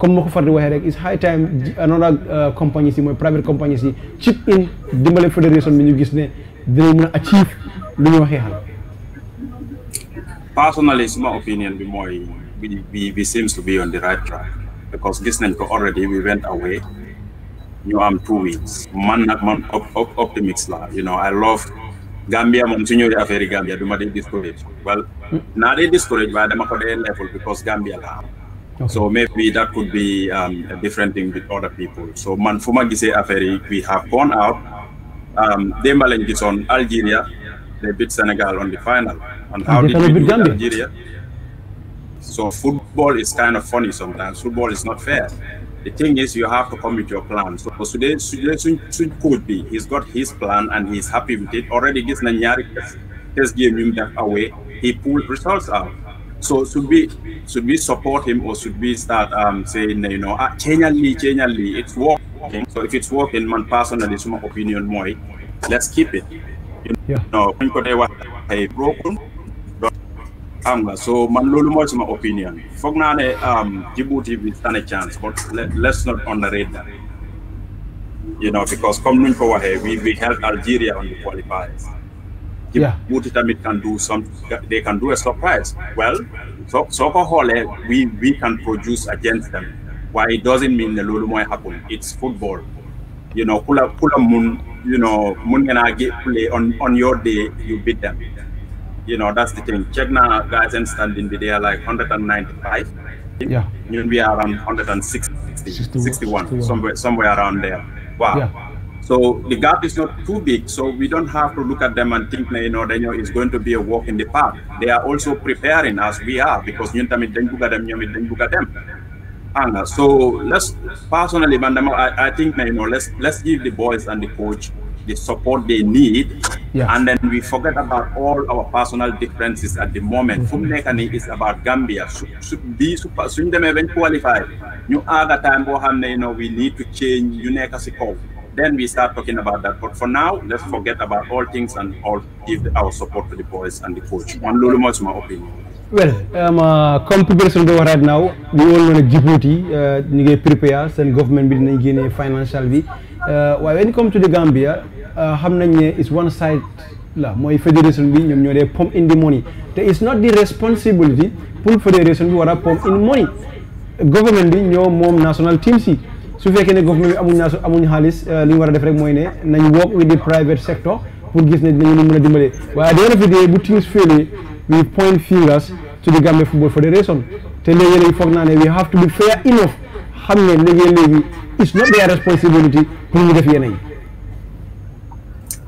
B: comme ma ko far di waxee rek is high time another compagnie si mooy private compagnie si chip in dimbale fédération bi ñu gis ne dinañ mën a achieve lu ñu waxee xal
D: personally suma opinion bi mooy we seems to be on the right track because gis nañ ko already we went away ñu am two weeks man nag man optimiste la you know I love Gambia moom su ñëwee affaire yi Gambia du ma dee discourage well naa dee discourage waaye dama ko dee level because Gambia la am so maybe that could be um, a different thing with other people so man fu ma gisee affaire yi we have gone out um, démb lañ gisoon Algeria they beat Senegal on the final on how they beat Algeria so football is kind of funny sometimes football is not fair The thing is, you have to come with your plan. So today, today suñ coach bi he's got his plan and he's happy with it. Already gis na ñaari test game yu mu def away, he pulled results out. So should we should we support him or should we start um, saying you know ah Kenya Lee, Kenya Lee, working. So if it's working, man personally, suma opinion moy, let's keep it. You know, yeah. no, ko day wax broken am nga so man loolu mooy suma opinion foog naa ne um, Djibouti bi tane chance but let's not underrate that you know because comme nuñ ko waxee we we help Algeria on the qualifiers Djibouti tamit can do some they can do a surprise well so soo ko xoolee we we can produce against them why it doesn't mean ne loolu mooy happen it's football you know kula kula mun you know mun ngeen a play on your day you beat them you know that's the thing check now guys and standing they are like 195 yeah we are around 160 61, 61, somewhere somewhere around there wow So the gap is not too big, so we don't have to look at them and think, you know, is going to be a walk in the park. They are also preparing as we are ñun tamit dañ bugg a dem dañ bugg a dem. Uh, so let's personally, man, I, I think, you let's give the boys and the coach they support they need yes. and then we forget about all our personal differences at the moment mm-hmm. fu mu nekk nii is about Gambia su su bii su suñ demee bañ qualify ñu aaga time boo xam ne you know we need to change ñu nekk si kaw then we start talking about that but for now let's forget about all things and all give our support to the boys and the coach man loolu mooy suma opinion
B: well um, uh, comme publication bi wax right now ñu woon noon a Djibouti uh, ñu ngi prépare Uh, waaye when it come to the Gambia euh, xam uh, nañ ne is one side la mooy fédération bi ñoom ñoo dee pump in the money te it's not the responsibility pour fédération bi war a pump in money government bi ñoo moom national team si su fekkee ne government bi amuñ naasu amuñ xaalis euh, li ñu war a def rek mooy ne nañ work with the private sector pour gis ne dinañu mën a dimbale waaye at the end bu teams failee we point fingers to the Gambia Football Federation te léegi-léegi foog naa ne xam ne léegi léegi it's not their responsibility pour ñu def yeneen yi.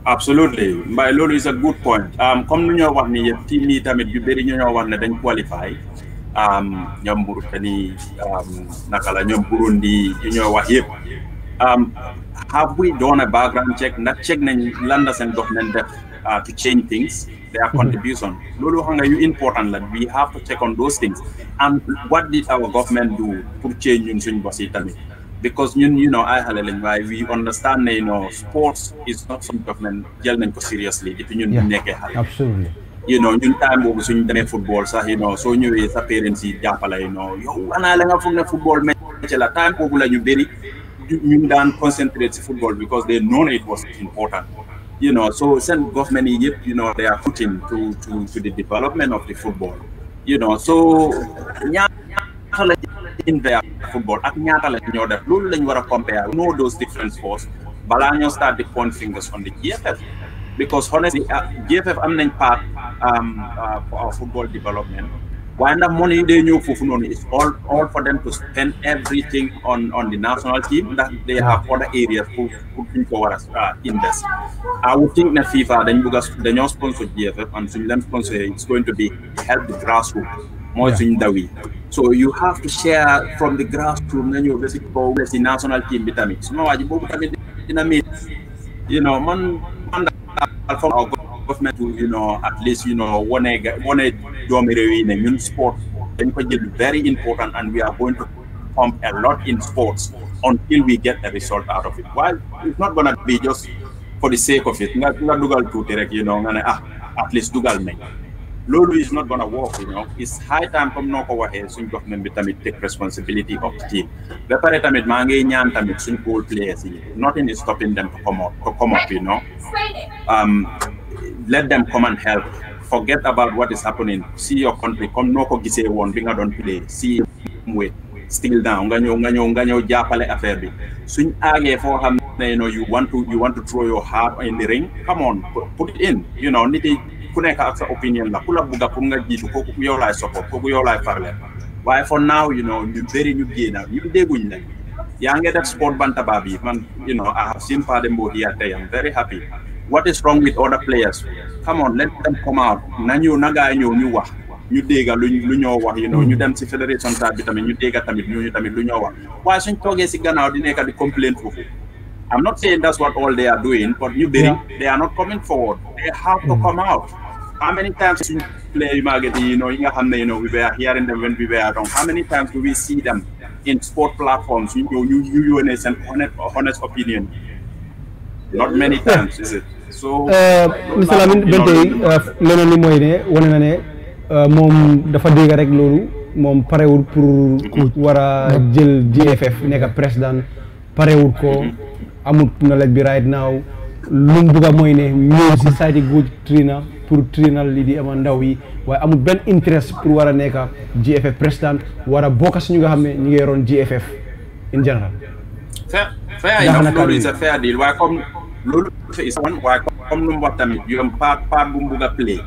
D: absolutely mbay loolu is a good point um, comme nu ñoo wax ni yëpp team yi tamit yu bëri ñoo wax ne dañ qualify um, ñoom Mauritanie um, naka la ñoom Burundi yu ñoo wax yëpp have we done a background check na check nañ lan la seen dox nañ def. uh, to change things, their mhm. contribution. loolu mm -hmm. you important that we have to check on those things. And what did our government do to change in Sunbositami? Because you, you know, I we understand you noo sports is not some government yelling seriously. If you yeah, absolutely. you know ñun time boobu suñu demee football sax you know soo ñëwee sa parents yi jàppale you know yow anaa la nga foog ne football métier la time boobu la ñu bëri ñu daan concentrate si football because they know it was important you know, so Sen government, Egypt, you know, they are putting to, to, to the development of the football. You know, so loolu their football, compare, know those difference force, ñoo start the point fingers on the GFF. Because honestly, uh, ah, GFF, am not part um, uh, for our football development. why the money they knew for is all all for them to spend everything on on the national team that they have other areas to put into our uh, invest. I would the new sponsor GFF and Finland sponsor is going to be help the grassroots more yeah. in that So you have to share from the grassroots then you basically go with the national team vitamins. No, I you know man man government you know at least you know wane wane doomi réew yi ne ñun sport dañ ko jël very important and we are going to pump a lot in sports until we get a result out of it while it's not gonna be just for the sake of it nga dugal tuuti rek you no nga ne ah at least dugal nañ loolu is not gonna work you know it's high time comme noo ko waxee suñ government bi tamit take responsibility of the team ba pare tamit maa ngi ñaan tamit suñ goal players yi no is stopping them to come um, let them come and help forget about what is happening see your country comme noo ko gisee woon bi nga doon play see way still down nga ñëw nga ñëw nga ñëw jàppale affaire bi suñ aagee foo xam ne you know you want to you want to throw your heart in the ring come put in you know nit yi ku nekk ak sa opinion la ku la bugga pour nga jiitu kooku yow laay support kooku yow laay parler waaye for now you know ñu bëri ñu génna ñu dégguñ la yaa ngi def sport bantaba bi man you know what is wrong with other players come on let them come out na gaa ñëw ñu wax ñu dégga lu lu ñoo wax you know ñu dem si fédération tat bi tamit ñu dégga tamit ñooñu tamit lu ñoo wax waaye suñ toogee si ganaw di nekk di complain foofu I'm not saying that's what all they are doing but ñu bëri they are not coming forward they have to mm. come out how many times suñ yi you yi nga xam ne you know we were hearing them when we were down how many times do we see them in sport platforms ñu ñëw ñu ñu yónnee
B: Euh, monsieur Lamine ba tey leneen li mooy ne wane na ne euh, moom dafa dégg rek loolu moom parewul pour war a jël GFF nekk président parewul ko amut knowledge bi right now lu mu bugga mooy ne ñëw si saati góor trina pour trinal lii di ama ndaw yi waaye amul benn interest pour war a nekk GFF président wara a bokk si ñu nga xam ne ñu ngi yoroon GFF in general.
D: loolu for is one nu mu tamit yoom part part bu mu bugg a play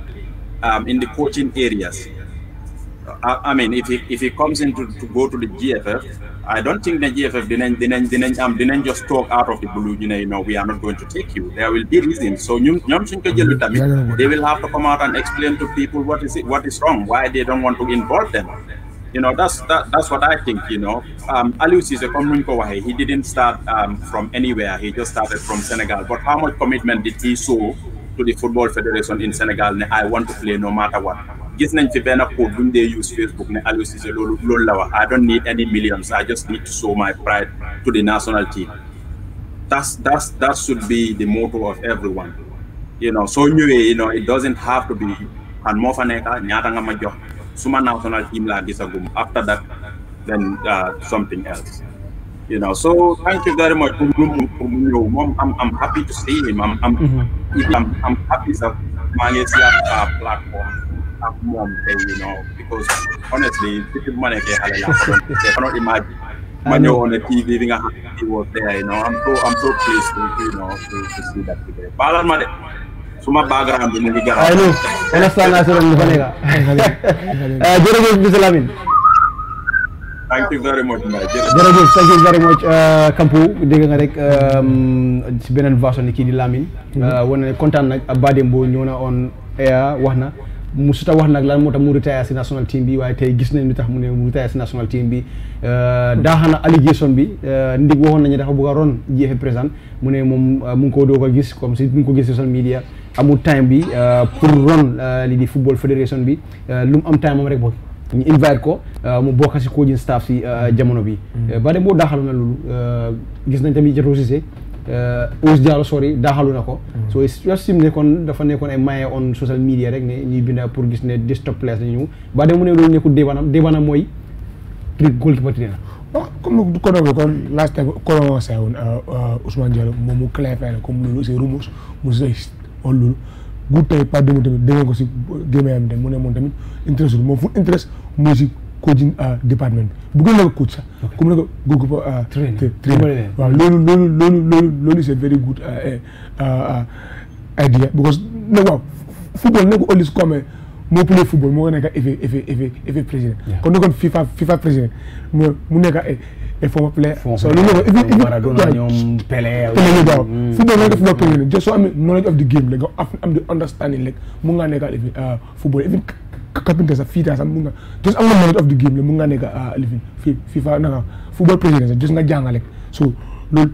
D: um, in the coaching areas uh, I mean if he if he comes in to, to the GFF I don't think the GFF dinañ dinañ dinañ am dinañ just talk out of the blue ñu ne you know we are not going to take you there will be reasons so ñun ñoom suñ ko jëlu mm-hmm. tamit they will have to come out and explain to people what is it what is wrong why they don't want to involve them you know that's that, that's what I think you know um, comme nuñ ko waxee he didn't start um, from anywhere he just started from Senegal but how much commitment did he show to the football federation in Senegal ne I want to play no matter what gis nañ fi benn quote buñ dee use Facebook ne Aliou loolu loolu la wax I don't need any millions I just need to show my pride to the national team that should be the motto of everyone you know soo ñëwee you know it doesn't have to be xan moo fa nekk ñaata nga ma jox Suma national team la gisagum. After that, then uh, something else. You know, so thank you very much. Mom, I'm, I'm happy to see him. I'm, I'm, mm -hmm. I'm, I'm happy that managed that uh, platform. Mom, you know, because honestly, I cannot imagine. Manu on the TV, he was you know. I'm so, I'm so to, you know, to, see that today. Balan Made, suma background bi mu ngi garaaw. allo.
B: Eh, jërëjëf monsieur Lamine.
D: thank you very much Mbaye jërëjëf
B: thank euh, nga rek si euh, beneen version kii di Lamine. Mhm. Euh, wane ne kontaan nag boo ñëw na on air wax na. mu suta wax nag lan moo tax mu retire si national team bi waaye tey gis nañ lu tax mu ne mu retire si national team bi mhm. daaxana allegation bi ndig waxoon nañu dafa bëgg a ron jeexe présent mu ne moom mu ngi ko gis comme si mu ngi ko gis social media amul time bi euh, pour ron euh, li di football fédération bi euh, lu mu am time moom rek boobu ñu invite ko mu bokk si coaching staff si mm-hmm. jamono bi. Mm-hmm. ba boo daaxalu na loolu gis nañ tamit Jatau Cissé Ous Diallo sori na ko. Mm-hmm. so sim ne dafa nekkoon ay maye on social media rek pour gis ne des top players dañu ñëw ba de mu ne loolu
A: nekkul débanam mooy tri goalkeeper trainer. waaw comme kon nag kon last mu clair comme wala loolu guur tey pas démb tamit dégg nga ko si géméam tamit mu ne moom tamit intéresse moom fu intéresse mooy si coaching département bi bëggoon na ko coach sax comme ne ko googu fa loolu loolu loolu loolu loolu very good euh, euh, idea because football ne ko always comme euh, moo play football moo ko nekk effet effet ne kon FIFA FIFA président mu nekk il faut plaire so you know even even Maradona ñoom Pelé ñu daw football nga def noppali ne just soo am the euh, fii daa sax mun nga just am nga knowledge of the game like mun ngaa nekk euh, living fii fii fa naka football président sax just nga jàngale so loolu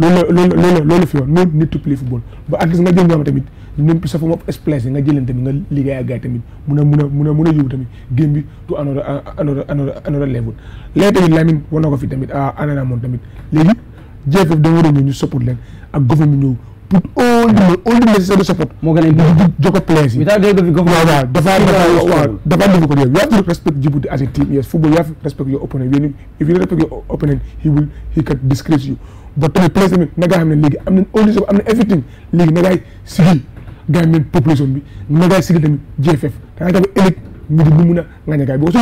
A: loolu loolu loolu need to play football ba at least nga jëm ñoom tamit nëmpi sa nga jëleen tamit nga liggéey ak gaay tamit mun a mun a mun a mun a yóbbu tamit game bi tu another another another level léegi tamit Lamine war na ko fi tamit anana ah, moom tamit léegi JFF da war a ñëw ñu support leen ak government bi ñëw put all the all the necessary support moo gën a jox ko players yi you have to respect Djibouti as a team yes football you have respect your opponent he will he can disgrace you but tamit players tamit na nga na all gars yi mel population bi magaay sigi tamit GFF te ay tamit élite mu di bu mun a ŋaña gaay boo soo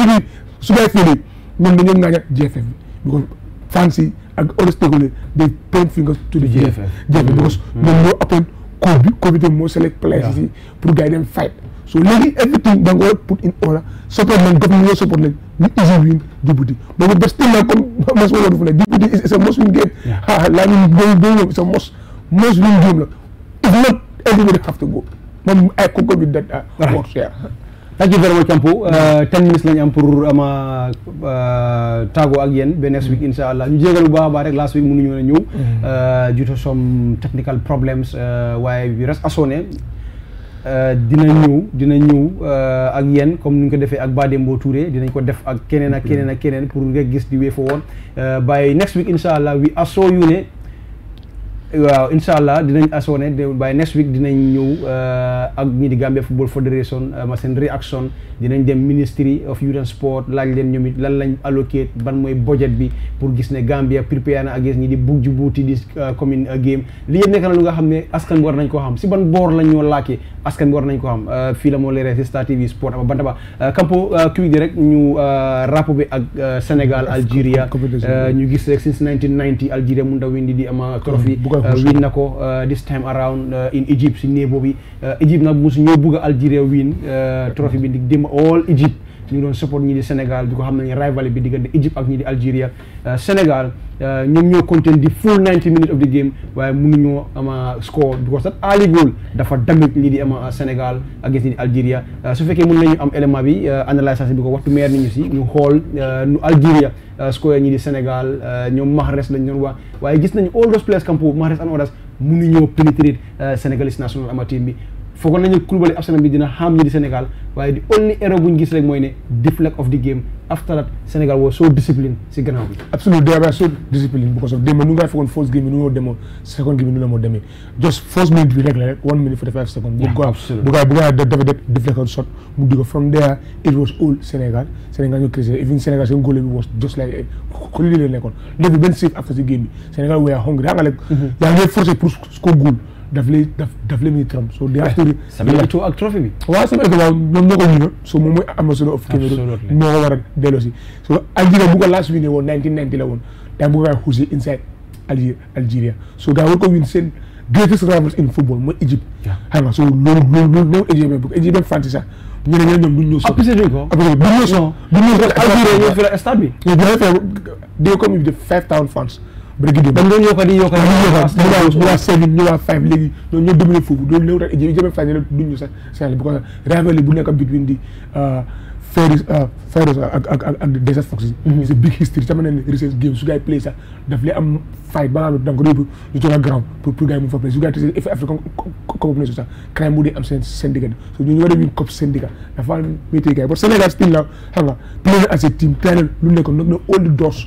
A: su gaay félee ñoom dañoo ŋaña GFF bi because fans yi ak all stakeholders they point fingers to the GFF GFF mm-hmm. because ñoom ñoo appoint code moo select players yi pour gars yi dem fight so léegi everything da nga a put in order support nañ government yoo support nañ ñu easy win Djibouti boobu bés teel comme mas wala fu a must win game. Ah, ah, laa ñu doon doon sa mos mos win game everybody have to go. Mom, I could go with minutes lañ
B: am pour ama euh, euh, tàggoo ak yéen ba next week mm. insha allah ñu jégal bu baax a baax rek last week mënuñu woon a ñëw. Mm. Euh, due to some technical problems waaye bi rest assoné dina ñëw dina ñëw ak yéen comme ni ñu ko defee ak Badembo Touré dinañ ko def ak keneen ak mm. keneen ak keneen pour nga gis di way for woon by next week insha allah we assure you ne waaw incha allah dinañ asone by next week dinañ ñëw euh, ak ñi di Gambia Football Federation euh, ma seen réaction dinañ dem Ministry of Youth and laaj leen ñoom it lan lañ allocate ban mooy budget bi pour gis ne Gambia prepare na against ñi di bug Djibouti di euh, commune game li yëpp nekk na lu nga xam ne askan bi war nañ ko xam si ban boor lañ ñoo laakee askan bi war nañ ko xam fii la moo leeree si Star TV Sport ama banta ba campo quick di rek ñu rapport bi ak Sénégal Algérie ñu gis rek since 1990 Algérie mu ndaw indi di Euh, win na ko euh, this time around euh, in Egypt si néeg boobu Egypt nag mosu ñoo bugg a Algeria win trophy bi di dem all Egypt ñu ngi doon support ñi di Sénégal di ko xam ne rivalry bi diggante Égypte ak ñi di Algérie euh, Sénégal euh, ñoom ñoo contain di full 90 minutes of the game waaye mënuñoo ama score because that early goal dafa damit ñii di ama senegal against ñi di Algérie euh, su fekkee mun nañu am élément bi analyse bi ko waxtu meer nañu si ñu xool nu Algérie score ñi di senegal ñoom Mahrez lañ doon wax waaye gis nañu all those players kampo Mahrez and others mënuñoo pénétrer Sénégalais national ama team bi foogoon nañu Koulibaly absence bi dina xam ñi di Sénégal waaye di only erreur bu ñu gis rek mooy ne deflect of the game after that Sénégal woo soo discipline si gannaaw bi.
A: absolument they were second game bi nu la moo demee def deflected mu di from there it was all Sénégal Sénégal ñoo créé even Sénégal seen goal bi was eh, mm-hmm. yaa ngi forcé pour score goal daf lay daf daf lay Trump. so they have to Sabali ak trophée bi. waaw Sabali waaw ñoom ñoo ko ñëw so moom mooy ambassador of Cameroon moo ko war a delloo si so Algeria bu ko last win woon 1990 la woon time bu ko waxee inside Algeria so gaa war win seen greatest rivals in football mooy Egypte. xam so loolu loolu ne ñoom duñ ñëw. appuisé duñ ko appuisé duñ ñëw. non duñ ñëw with the five thousand fans. bërëg yi dem dañ doon yokk di yokk di yokk ñu waa cinq ñu waa five léegi ñoom ñoo dominé foofu loolu néew rek jëme five ne duñu sax Sénégal bu ko rivalry bu nekk am between di Ferris Ferris ak ak ak ak Desert Fox yi c'est big history sama ne recent game su gars yi play sax daf lay am fight ba nga xam ne da nga ko yóbbu ñu jox la ground pour pour gars yi mu fa play su gars yi effet Afrique comme ne sax crime bu dee am seen syndicat so ñu war a win cop syndicat dafa métti gars yi parce que Sénégal still la xam nga play as a team trainal lu nekkoon nag ne all the doors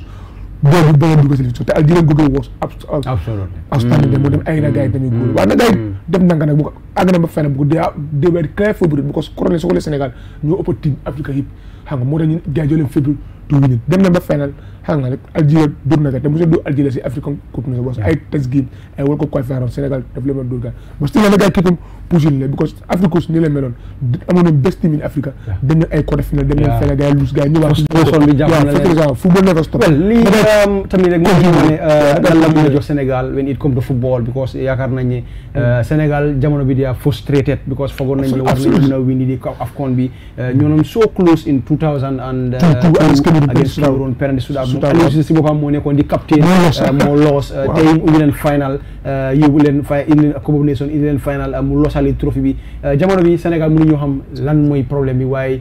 A: boobu beneen dugg si li te Algérie googu was outstanding de mm. moo dem ay na gars yi dañuy mm. góor waaye na gars yi mm. def nanga nag bu na ba fenn bu ko dee dee weer clair favorite bu ko couronné soo ko Sénégal ñoo ëpp team Afrique yëpp xam moo tax ñun gars leen favorite to win dem na ba xam nga rek Algérie dóor na ko te mosul dóor Algérie si African Cup na sa ay tasgin ay World Cup qualifier Sénégal daf leen mën a dóor gaal ba still na gars kii tam puusil la because Afrique ni la meloon amoon nañ best team in Africa dem nañ ay quart final dem nañ feneen gars yi luus gars yi ñëwaat waaw football nekk stop lii um, tamit rek ne uh, lan
B: la mën a jox Sénégal when it comes to football because yaakaar nañ ne uh, hmm. Sénégal jamono bi dia frustrated because foogoon nañ ne war nañ mën a win di AFCON bi uh, ñoonoom so close in 2000 and against Cameroon Aliou Cissé si boppam moo nekkoon di captain moo loos euh, tey indi leen final euh, yóbbu leen fa indi leen Cup of Nations indi leen final euh, mu losali trophée bi jamono bi Sénégal mënuñoo xam lan mooy problème bi waaye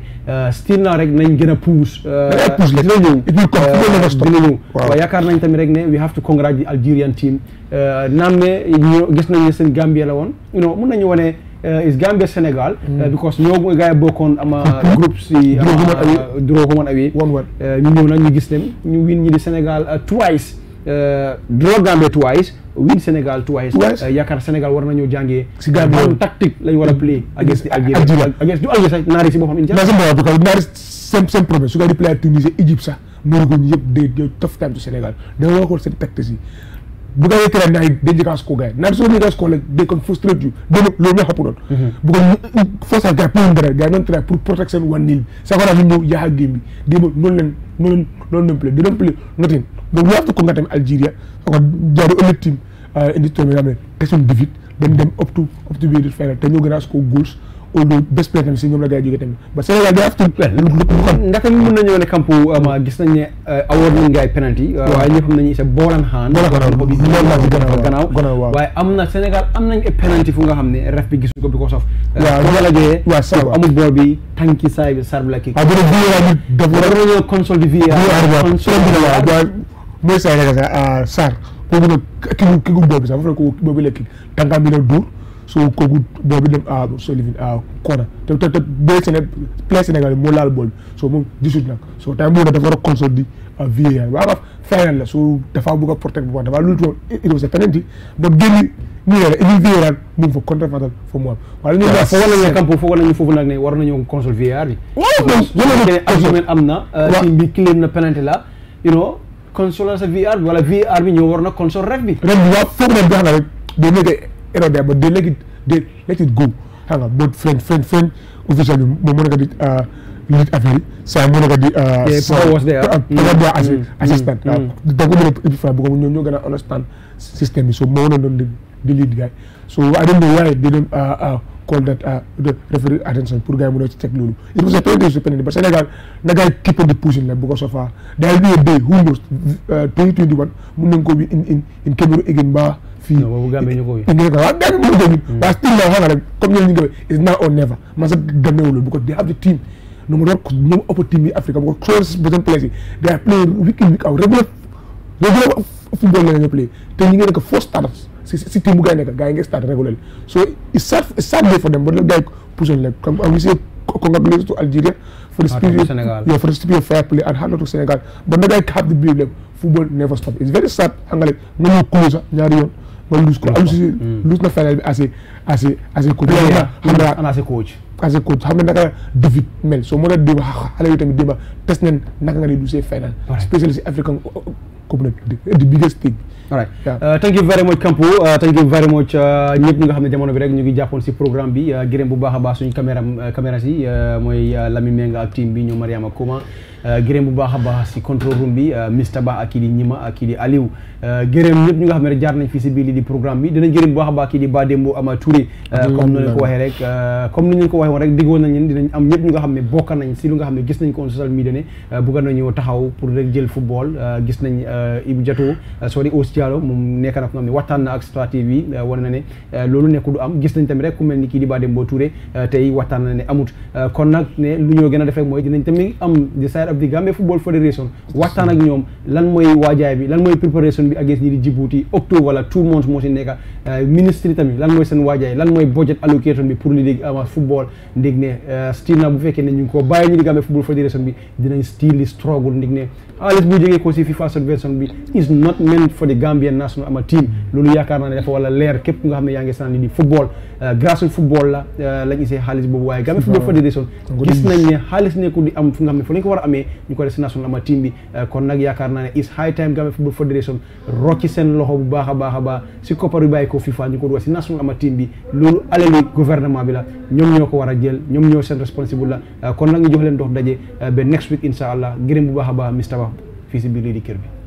B: still na rek nañ gën a pousse dina ñëw dina ñëw waaye yaakaar nañ tamit rek ne we have to congratulate the Algerian team naan ne ñoo gis nañ ne seen Gambia la woon non mun nañu wane Uh, is Gambia Sénégal. Mm. Uh, because ñoo gars yi bokkoon ama groupe si. draw home and away one word uh, ñu ñëw nag ñu gis ne ñu win ñi di Sénégal twice. draw Gambia twice win Sénégal twice. yaakaar Sénégal war nañoo jàngee. si Gambia ban tactique lañ
A: war a play. Mm. against Algérie against du Algérie sax naari si boppam. incha allah naa si boppam naari seen seen problème su ko di play Tunisie Égypte sax Morocco ñëpp day day tough time si Sénégal da nga war a xool yi. Bouga yekk na ay dédicace ko gars yi naan soo dédicace ko la they can frustrate you dama loolu ñoo xapunoon mhm. Bouga force à gars pour dara gars noon try pour protect seen one nil sakora ñu ñëw yaa game bi déma noonu leen noonu leen noonu leen play they don't play nothing donc we have to conquer tamit Algeria soko jaaru ëllëg team euh, indi tournoi yoo xam ne question defeat dem dem up to up to bi final te ñoo gën a score goals au delà bés près tamit si ñoom la gars yi jógee tamit ba Sénégal day aftu lu xam ndax
B: tamit sa boolan xaan gannaaw waaye am na Sénégal am nañ penalty fu nga xam ne ref bi gisuñ ko bi ko sof waaw euh, la joyee waaw amul boor bi tànki saay bi la kii ah, waaw bërëb VAR bi dafa war
A: nañoo console bi VAR console bi waaw mooy saay rek sax Sarr boobu nag ki ki gum boobu sax foofu la ko boobu la kii tànkam bi nag dóor so kooku boobu dem a so living a corner te te te booy Sénégal play Sénégal moo laal bool bi so moom gisut nag so tamit boobu dafa war a console di ah, VAR waaw waaw final la so dafa bëgg a protect bu baax dafa lu tuuti il was a penalty ba génn ñu ne la indi VAR mu ngi fa contrefatal fo mu am. waaw ñu fo wala ñu camp fo wala ñu foofu nag ne war nañoo console VAR bi.
B: waaw non non am na. Euh, team bi claim na penalty la you know console sa VAR bi wala VAR bi ñoo war na console
A: ref bi. ren bi waaw foog na baax na rek day nekk. érodé but they let it they let it go xam nga both French French French official bi moom moo nekk di euh, lead affaire yi moo nekk di. Euh, ah, mm, mm, assistant. da ko mën a équipe France bu ñoo a understand système bi so moo na doon di lead gars so I don't know why they don't uh, uh, call that uh, referee attention pour gars yi mën a check loolu it was a penalty penalty but Sénégal na gars yi keep on the pushing la bu ko sofaa day wii day who knows 2021 euh, mën nañu in in in fii boobu Gambie ñu ko yi ñu ko waaw Gambie moom ko ñun waaye still na xanaa rek comme ñoom ñu gëmee is now because they have the team no matter ñoom ëpp team yi Africa bu ko source besoin place yi they are playing week in week out regular regular football la ñu play te ñu ngi si si team bu gars yi nekk gars yi ngi start regularly so it's sad it's for them but gars yi pusoon leen comme to Algeria for the spirit yeah for play and hard to Sénégal but na have the belief football never stop it's very sad xam nga rek ba lose ko Aliou Cissé a démb xale yu di lose final spécialiste African uh, uh, the biggest thing. all right
B: uh, thank you very much Kampo uh, thank you very much uh, ñëpp ñi nga xam ne jamono bi rek ñu ngi jàppoon si programme bi gërëm bu baax a baax suñu caméra caméra si mooy Lamine Menga ak team bi ñoom Mariama Kouma Euh, gërëm bu baax a baax si contrôle room euh, euh, nañ a baax ko waxee rek comme ni am ñu nga xam ne bokk nañ si lu nga xam ne gis nañ ko on social media nañu taxaw pour na ko nga xam ne waxtaan na ak Star TV wane na ne loolu nekk am gis nañ tamit rek ku ni kii di Ba Dembo Touré tey waxtaan na ne amut kon nag ne lu ñoo a def rek mooy dinañ tamit am di Gambia Football Federation waxtaan ak ñoom lan mooy waajaay bi lan mooy préparation bi against ñi di Djibouti octobre la two months moo si nekka euh, ministre tamit lan mooy seen waajaay lan mooy budget allocation bi pour li di ama football ndig ne euh, still na bu fekkee ne ñu ngi ko bàyyi ñi di Gambia Football Federation bi dinañ still di ndig ne xaalis bu jógee ko si FIFA subvention bi is not meant for the Gambian national ama team loolu yaakaar naa ne dafa wala leer képp nga xam ne yaa ngi sànni di football euh, grâce football la euh, lañ gisee xaalis boobu waaye Gambia Football Federation gis nañ ne xaalis nekkul di am fu nga xam ne fa lañ ko war a amee ñu ko def si national ama team bi euh, kon nag yaakaar naa ne is high time Gambia Football Federation rocci seen loxo bu baax a baax a baa si koppar bi bàyyi ko FIFA ñu ko bi la ñoom ñoo ko a jël ñoom ñoo seen la kon nag ñu leen dox daje ba next week bu baax a baax Mr. fii si biir lii di kër bi